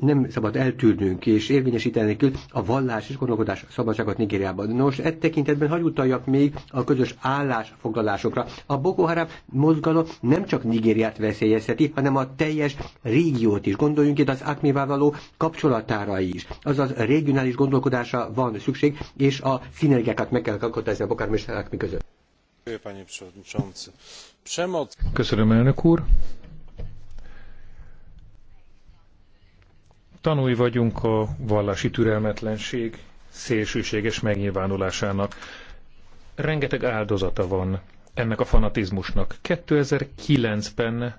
nem szabad eltűrnünk és érvényesíteni nélkül a vallás és gondolkodás szabadságot Nigériában. Nos, e tekintetben hagy utaljak még a közös állásfoglalásokra. A Boko Haram mozgalom nem csak Nigériát veszélyezteti, hanem a teljes régiót is. Gondoljunk itt az Akmivával való kapcsolatára is. Azaz regionális gondolkodásra van szükség, és a szinergiákat meg kell alkotni a Boko Haram és Akmi között.
Tanúi vagyunk a vallási türelmetlenség szélsőséges megnyilvánulásának. Rengeteg áldozata van ennek a fanatizmusnak. 2009-ben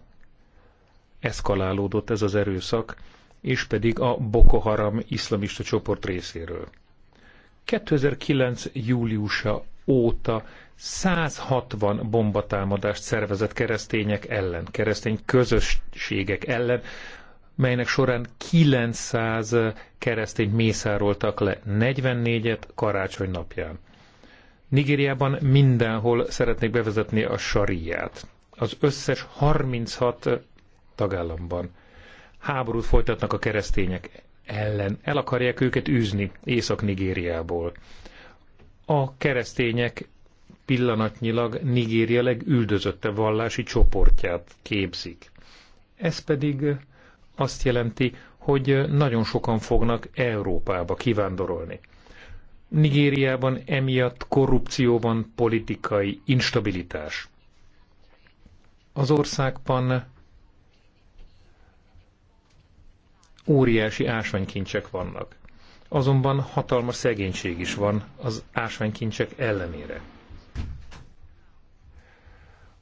eszkalálódott ez az erőszak, és pedig a Boko Haram iszlamista csoport részéről. 2009. júliusa óta 160 bombatámadást szervezett keresztények ellen, keresztény közösségek ellen, melynek során 900 keresztényt mészároltak le, 44-et karácsony napján. Nigériában mindenhol szeretnék bevezetni a sariát. Az összes 36 tagállamban. Háborút folytatnak a keresztények ellen. El akarják őket űzni Észak-Nigériából. A keresztények pillanatnyilag Nigéria legüldözötte vallási csoportját képzik. Ez pedig azt jelenti, hogy nagyon sokan fognak Európába kivándorolni. Nigériában emiatt korrupcióban politikai instabilitás. Az országban óriási ásványkincsek vannak. Azonban hatalmas szegénység is van az ásványkincsek ellenére.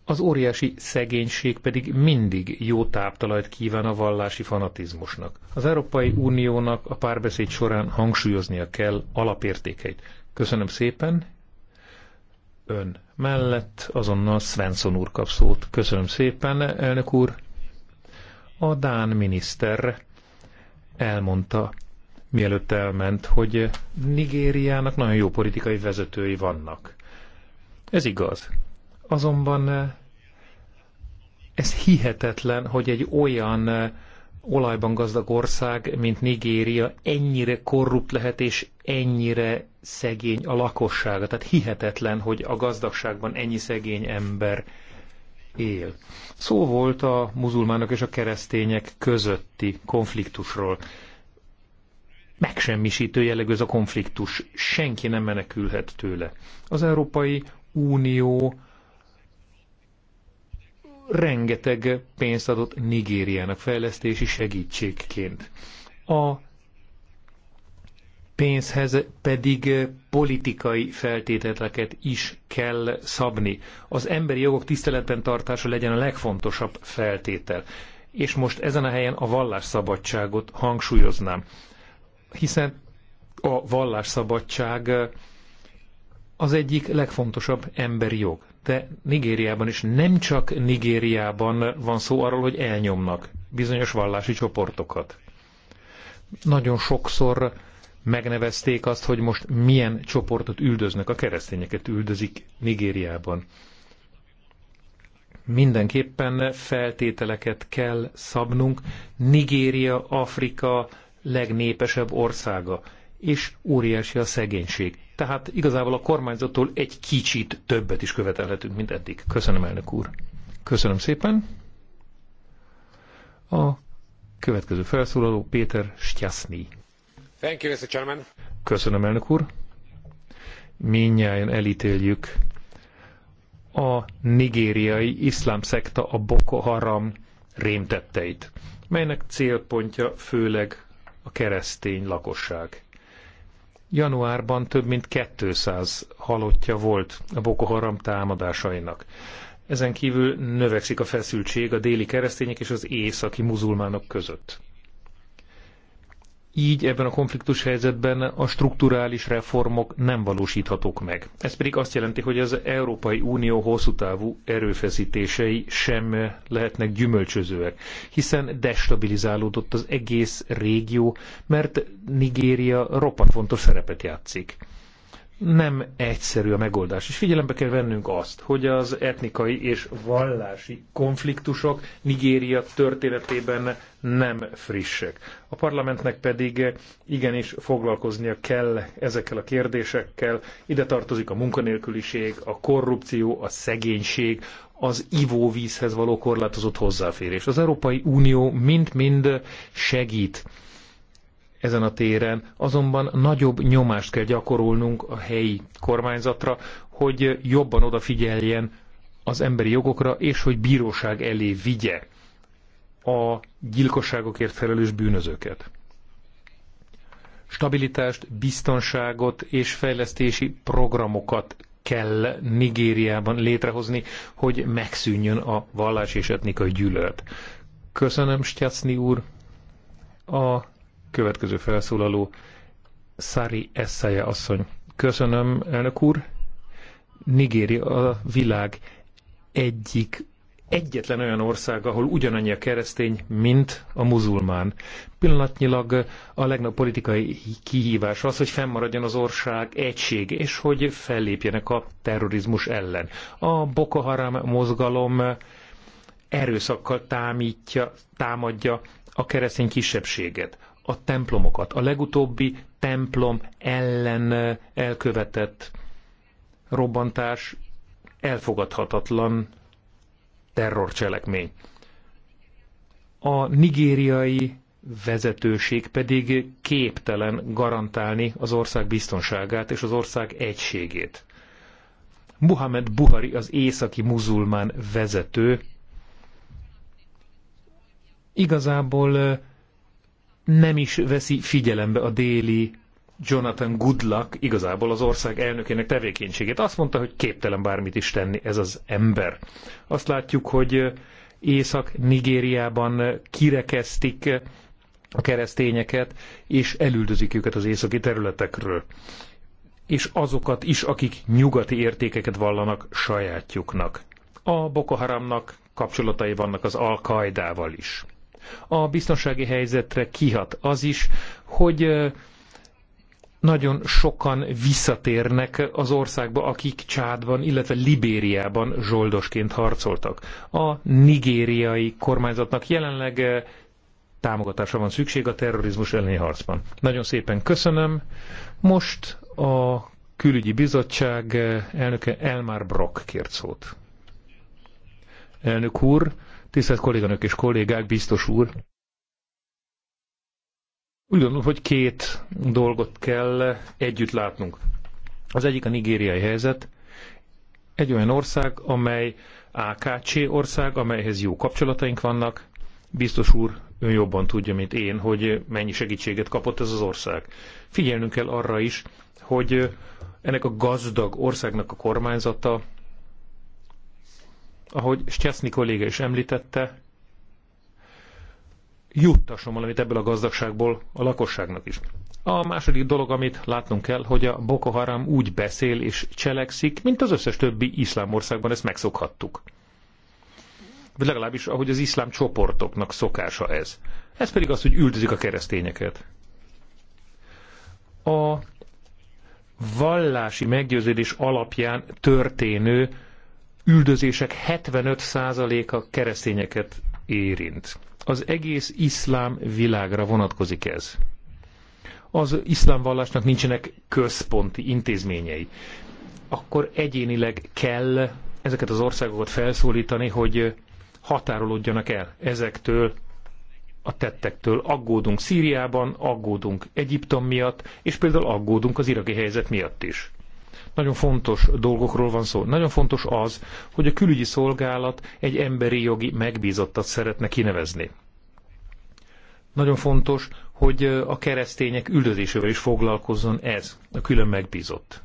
Az óriási szegénység pedig mindig jó táptalajt kíván a vallási fanatizmusnak. Az Európai Uniónak a párbeszéd során hangsúlyoznia kell alapértékeit. Köszönöm szépen. Ön mellett azonnal Svensson úr kap szót. Köszönöm szépen, elnök úr. A Dán miniszter elmondta, mielőtt elment, hogy Nigériának nagyon jó politikai vezetői vannak. Ez igaz. Azonban eh, ez hihetetlen, hogy egy olyan eh, olajban gazdag ország, mint Nigéria, ennyire korrupt lehet, és ennyire szegény a lakossága. Tehát hihetetlen, hogy a gazdagságban ennyi szegény ember él. Szó volt a muzulmánok és a keresztények közötti konfliktusról megsemmisítő jellegű ez a konfliktus. Senki nem menekülhet tőle. Az Európai Unió rengeteg pénzt adott Nigériának fejlesztési segítségként. A pénzhez pedig politikai feltételeket is kell szabni. Az emberi jogok tiszteletben tartása legyen a legfontosabb feltétel. És most ezen a helyen a vallásszabadságot hangsúlyoznám hiszen a vallásszabadság eh, az egyik legfontosabb emberi jog. De Nigériában is, nem csak Nigériában van szó arról, hogy elnyomnak bizonyos vallási csoportokat. Nagyon sokszor megnevezték azt, hogy most milyen csoportot üldöznek, a keresztényeket üldözik Nigériában. Mindenképpen feltételeket kell szabnunk. Nigéria, Afrika, legnépesebb országa, és óriási a szegénység. Tehát igazából a kormányzattól egy kicsit többet is követelhetünk, mint eddig. Köszönöm, elnök úr. Köszönöm szépen. A következő felszólaló Péter Styasny. Thank you, Mr. Chairman. Köszönöm, elnök úr. Mindjárt elítéljük a nigériai iszlám szekta a Boko Haram rémtetteit, melynek célpontja főleg a keresztény lakosság. Januárban több mint 200 halottja volt a Boko Haram támadásainak. Ezen kívül növekszik a feszültség a déli keresztények és az északi muzulmánok között így ebben a konfliktus helyzetben a strukturális reformok nem valósíthatók meg. Ez pedig azt jelenti, hogy az Európai Unió hosszú távú erőfeszítései sem lehetnek gyümölcsözőek, hiszen destabilizálódott az egész régió, mert Nigéria roppant fontos szerepet játszik nem egyszerű a megoldás. És figyelembe kell vennünk azt, hogy az etnikai és vallási konfliktusok Nigéria történetében nem frissek. A parlamentnek pedig igenis foglalkoznia kell ezekkel a kérdésekkel. Ide tartozik a munkanélküliség, a korrupció, a szegénység, az ivóvízhez való korlátozott hozzáférés. Az Európai Unió mind-mind segít ezen a téren, azonban nagyobb nyomást kell gyakorolnunk a helyi kormányzatra, hogy jobban odafigyeljen az emberi jogokra, és hogy bíróság elé vigye a gyilkosságokért felelős bűnözőket. Stabilitást, biztonságot és fejlesztési programokat kell Nigériában létrehozni, hogy megszűnjön a vallás és etnikai gyűlölet. Köszönöm, Stjacni úr! A következő felszólaló Sari Eszeje asszony. Köszönöm, elnök úr. Nigéria a világ egyik egyetlen olyan ország, ahol ugyanannyi a keresztény, mint a muzulmán. Pillanatnyilag a legnagyobb politikai kihívás az, hogy fennmaradjon az ország egység, és hogy fellépjenek a terrorizmus ellen. A Boko Haram mozgalom erőszakkal támítja, támadja a keresztény kisebbséget a templomokat. A legutóbbi templom ellen elkövetett robbantás elfogadhatatlan terrorcselekmény. A nigériai vezetőség pedig képtelen garantálni az ország biztonságát és az ország egységét. Muhammed Buhari, az északi muzulmán vezető, igazából nem is veszi figyelembe a déli Jonathan Goodluck igazából az ország elnökének tevékenységét. Azt mondta, hogy képtelen bármit is tenni ez az ember. Azt látjuk, hogy Észak-Nigériában kirekeztik a keresztényeket, és elüldözik őket az északi területekről. És azokat is, akik nyugati értékeket vallanak sajátjuknak. A Boko Haramnak kapcsolatai vannak az Al-Qaidával is. A biztonsági helyzetre kihat az is, hogy nagyon sokan visszatérnek az országba, akik Csádban, illetve Libériában zsoldosként harcoltak. A nigériai kormányzatnak jelenleg támogatásra van szükség a terrorizmus elleni harcban. Nagyon szépen köszönöm. Most a külügyi bizottság elnöke Elmar Brock kért szót. Elnök úr, Tisztelt kolléganök és kollégák, biztos úr! Úgy gondolom, hogy két dolgot kell együtt látnunk. Az egyik a nigériai helyzet, egy olyan ország, amely AKC ország, amelyhez jó kapcsolataink vannak. Biztos úr, ön jobban tudja, mint én, hogy mennyi segítséget kapott ez az ország. Figyelnünk kell arra is, hogy ennek a gazdag országnak a kormányzata ahogy Szczesny kolléga is említette, juttasson valamit ebből a gazdagságból a lakosságnak is. A második dolog, amit látnunk kell, hogy a Boko Haram úgy beszél és cselekszik, mint az összes többi iszlám országban ezt megszokhattuk. Vagy legalábbis, ahogy az iszlám csoportoknak szokása ez. Ez pedig az, hogy üldözik a keresztényeket. A vallási meggyőződés alapján történő üldözések 75%-a keresztényeket érint. Az egész iszlám világra vonatkozik ez. Az iszlám vallásnak nincsenek központi intézményei. Akkor egyénileg kell ezeket az országokat felszólítani, hogy határolódjanak el ezektől a tettektől. Aggódunk Szíriában, aggódunk Egyiptom miatt, és például aggódunk az iraki helyzet miatt is. Nagyon fontos dolgokról van szó. Nagyon fontos az, hogy a külügyi szolgálat egy emberi jogi megbízottat szeretne kinevezni. Nagyon fontos, hogy a keresztények üldözésével is foglalkozzon ez, a külön megbízott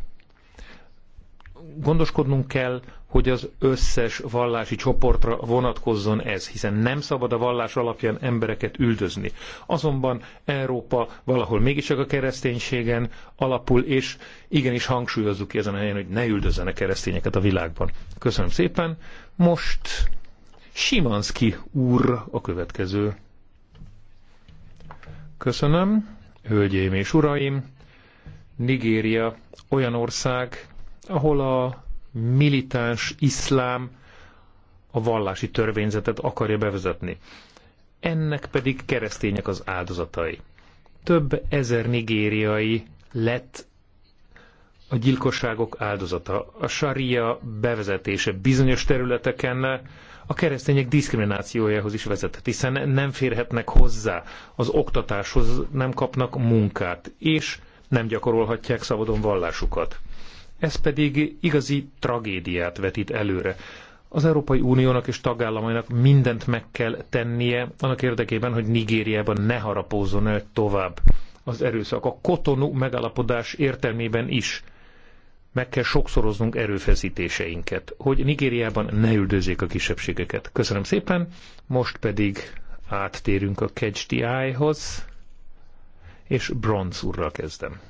gondoskodnunk kell, hogy az összes vallási csoportra vonatkozzon ez, hiszen nem szabad a vallás alapján embereket üldözni. Azonban Európa valahol mégiscsak a kereszténységen alapul, és igenis hangsúlyozzuk ki ezen a helyen, hogy ne üldözzenek keresztényeket a világban. Köszönöm szépen. Most Simanski úr a következő. Köszönöm, hölgyeim és uraim. Nigéria olyan ország, ahol a militáns iszlám a vallási törvényzetet akarja bevezetni. Ennek pedig keresztények az áldozatai. Több ezer nigériai lett a gyilkosságok áldozata. A saria bevezetése bizonyos területeken a keresztények diszkriminációjához is vezethet, hiszen nem férhetnek hozzá az oktatáshoz, nem kapnak munkát, és nem gyakorolhatják szabadon vallásukat. Ez pedig igazi tragédiát vetít előre. Az Európai Uniónak és tagállamainak mindent meg kell tennie annak érdekében, hogy Nigériában ne harapózzon el tovább az erőszak. A kotonú megállapodás értelmében is meg kell sokszoroznunk erőfeszítéseinket, hogy Nigériában ne üldözzék a kisebbségeket. Köszönöm szépen, most pedig áttérünk a KGTI-hoz, és Bronz úrral kezdem.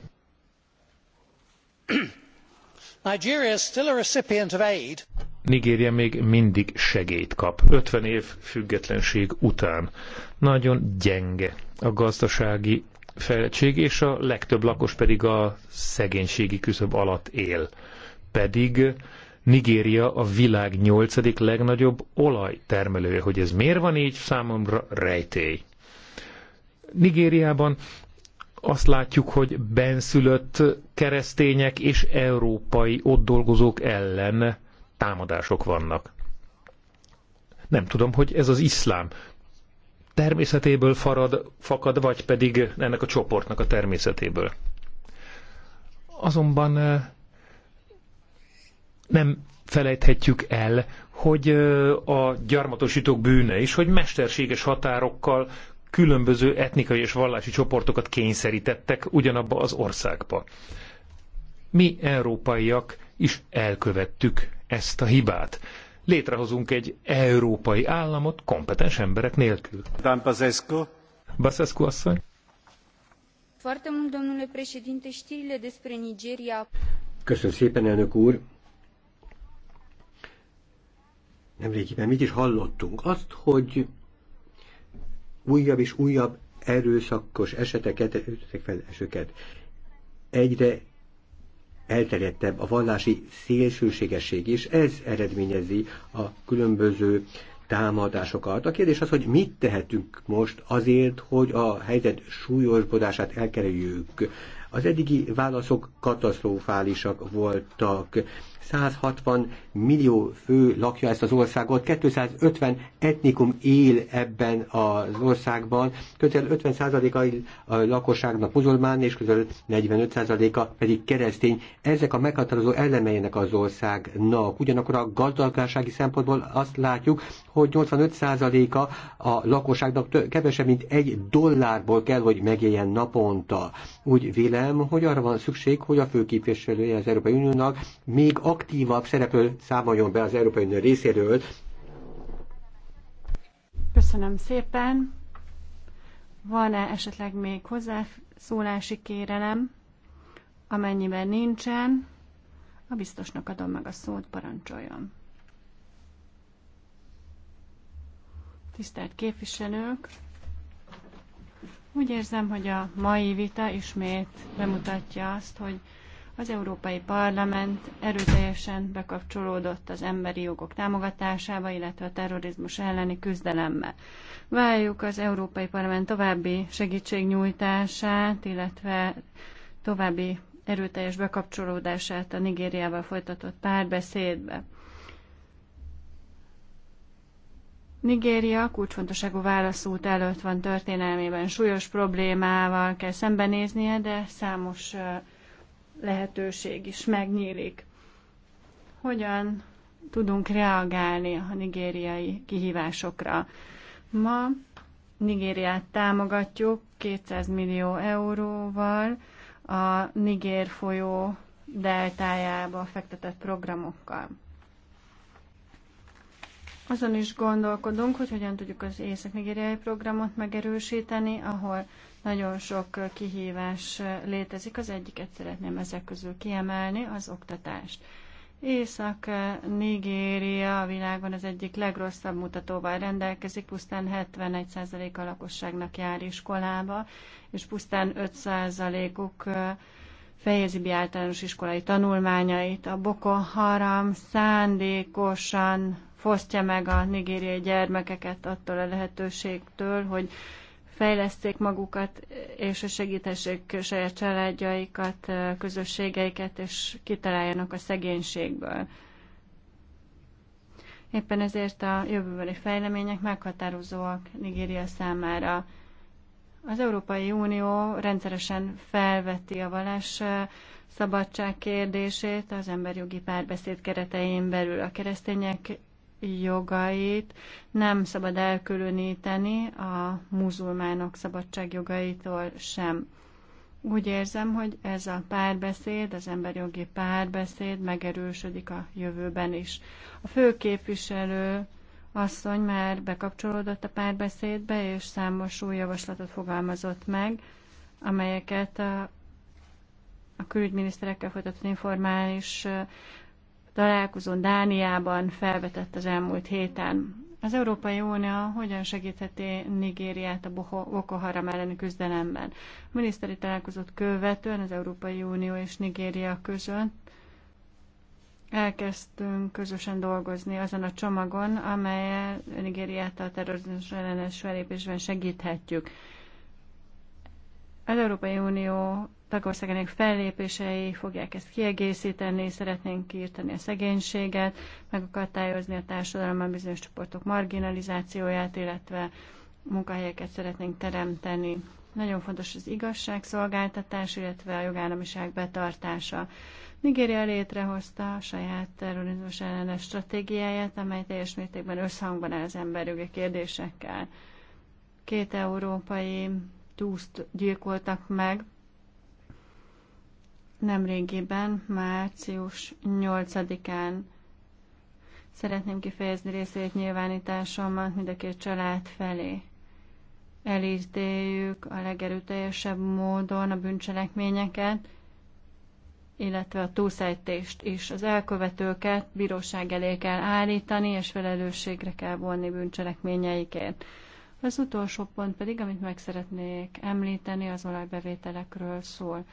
Nigéria még mindig segélyt kap, 50 év függetlenség után. Nagyon gyenge a gazdasági fejlettség, és a legtöbb lakos pedig a szegénységi küszöb alatt él. Pedig Nigéria a világ nyolcadik legnagyobb olajtermelője. Hogy ez miért van így, számomra rejtély. Nigériában azt látjuk, hogy benszülött keresztények és európai ott dolgozók ellen támadások vannak. Nem tudom, hogy ez az iszlám természetéből farad, fakad, vagy pedig ennek a csoportnak a természetéből. Azonban nem felejthetjük el, hogy a gyarmatosítók bűne is, hogy mesterséges határokkal különböző etnikai és vallási csoportokat kényszerítettek ugyanabba az országba. Mi európaiak is elkövettük ezt a hibát. Létrehozunk egy európai államot kompetens emberek nélkül. Dan Basescu. asszony.
Köszönöm szépen, elnök úr. Nemrégiben mit is hallottunk? Azt, hogy újabb és újabb erőszakos eseteket, esőket. Egyre elterjedtebb a vallási szélsőségesség, és ez eredményezi a különböző támadásokat. A kérdés az, hogy mit tehetünk most azért, hogy a helyzet súlyosbodását elkerüljük. Az eddigi válaszok katasztrofálisak voltak. 160 millió fő lakja ezt az országot, 250 etnikum él ebben az országban, közel 50%-a a lakosságnak muzulmán, és közel 45%-a pedig keresztény. Ezek a meghatározó elemeinek az országnak. Ugyanakkor a gazdagsági szempontból azt látjuk, hogy 85%-a a lakosságnak kevesebb, mint egy dollárból kell, hogy megéljen naponta. Úgy vélem, hogy arra van szükség, hogy a főképviselője az Európai Uniónak még aktívabb szerepről számoljon be az Európai Unió részéről.
Köszönöm szépen. Van-e esetleg még hozzászólási kérelem? Amennyiben nincsen, a biztosnak adom meg a szót, parancsoljon. Tisztelt képviselők! Úgy érzem, hogy a mai vita ismét bemutatja azt, hogy az Európai Parlament erőteljesen bekapcsolódott az emberi jogok támogatásába, illetve a terrorizmus elleni küzdelembe. Várjuk az Európai Parlament további segítségnyújtását, illetve további erőteljes bekapcsolódását a Nigériával folytatott párbeszédbe. Nigéria kulcsfontosságú válaszút előtt van történelmében súlyos problémával kell szembenéznie, de számos lehetőség is megnyílik. Hogyan tudunk reagálni a nigériai kihívásokra? Ma Nigériát támogatjuk 200 millió euróval a Niger folyó deltájába fektetett programokkal. Azon is gondolkodunk, hogy hogyan tudjuk az észak nigériai programot megerősíteni, ahol nagyon sok kihívás létezik. Az egyiket szeretném ezek közül kiemelni, az oktatást. Észak-Nigéria a világon az egyik legrosszabb mutatóval rendelkezik, pusztán 71% a lakosságnak jár iskolába, és pusztán 5%-uk fejezi be általános iskolai tanulmányait. A Boko Haram szándékosan fosztja meg a nigériai gyermekeket attól a lehetőségtől, hogy fejleszték magukat, és segítessék saját családjaikat, közösségeiket, és kitaláljanak a szegénységből. Éppen ezért a jövőbeli fejlemények meghatározóak Nigéria számára. Az Európai Unió rendszeresen felveti a vallás szabadság kérdését az emberjogi párbeszéd keretein belül a keresztények jogait nem szabad elkülöníteni a muzulmánok szabadságjogaitól sem. Úgy érzem, hogy ez a párbeszéd, az emberjogi párbeszéd megerősödik a jövőben is. A fő képviselő asszony már bekapcsolódott a párbeszédbe, és számos új javaslatot fogalmazott meg, amelyeket a, a külügyminiszterekkel folytatott informális találkozón Dániában felvetett az elmúlt héten. Az Európai Unió hogyan segítheti Nigériát a Boko Haram elleni küzdelemben? A miniszteri találkozott követően az Európai Unió és Nigéria között elkezdtünk közösen dolgozni azon a csomagon, amelyel Nigériát a terrorizmus ellenes felépésben segíthetjük. Az Európai Unió tagországának fellépései fogják ezt kiegészíteni, szeretnénk kiírteni a szegénységet, akartályozni a társadalomban bizonyos csoportok marginalizációját, illetve munkahelyeket szeretnénk teremteni. Nagyon fontos az igazságszolgáltatás, illetve a jogállamiság betartása. Nigéria létrehozta a saját terrorizmus ellenes stratégiáját, amely teljes mértékben összhangban áll az emberjogi kérdésekkel. Két európai túszt gyilkoltak meg nemrégiben, március 8-án szeretném kifejezni részét nyilvánításomat mind a két család felé. Elítéljük a legerőteljesebb módon a bűncselekményeket, illetve a túlszájtést is. Az elkövetőket bíróság elé kell állítani, és felelősségre kell vonni bűncselekményeikért. Az utolsó pont pedig, amit meg szeretnék említeni, az olajbevételekről szól.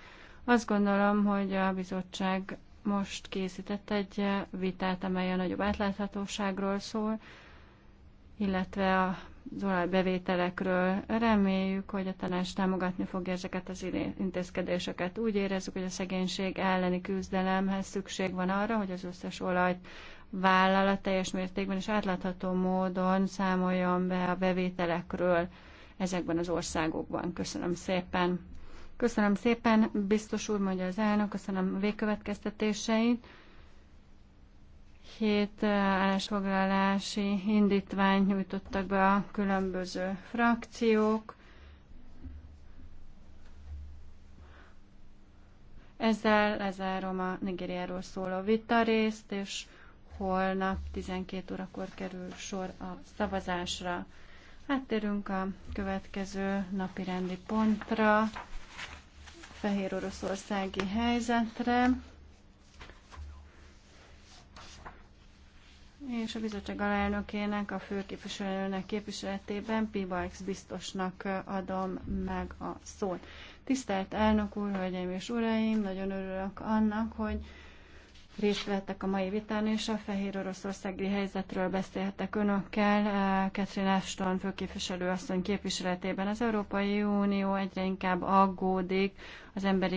Azt gondolom, hogy a bizottság most készített egy vitát, amely a nagyobb átláthatóságról szól, illetve a az bevételekről. Reméljük, hogy a tanács támogatni fogja ezeket az intézkedéseket. Úgy érezzük, hogy a szegénység elleni küzdelemhez szükség van arra, hogy az összes olajt vállalat teljes mértékben és átlátható módon számoljon be a bevételekről ezekben az országokban. Köszönöm szépen. Köszönöm szépen, biztos úr, mondja az elnök, köszönöm a végkövetkeztetéseit. Hét eh, állásfoglalási indítványt nyújtottak be a különböző frakciók. Ezzel lezárom a Nigériáról szóló vita részt, és holnap 12 órakor kerül sor a szavazásra. Áttérünk a következő napi rendi pontra fehér oroszországi helyzetre, és a bizottság alelnökének, a főképviselőnek képviseletében Pibax biztosnak adom meg a szót. Tisztelt elnök úr, hölgyeim és uraim, nagyon örülök annak, hogy részt vettek a mai vitán, és a fehér oroszországi helyzetről beszélhetek önökkel. Eh, Catherine Ashton főképviselő asszony képviseletében az Európai Unió egyre inkább aggódik az emberi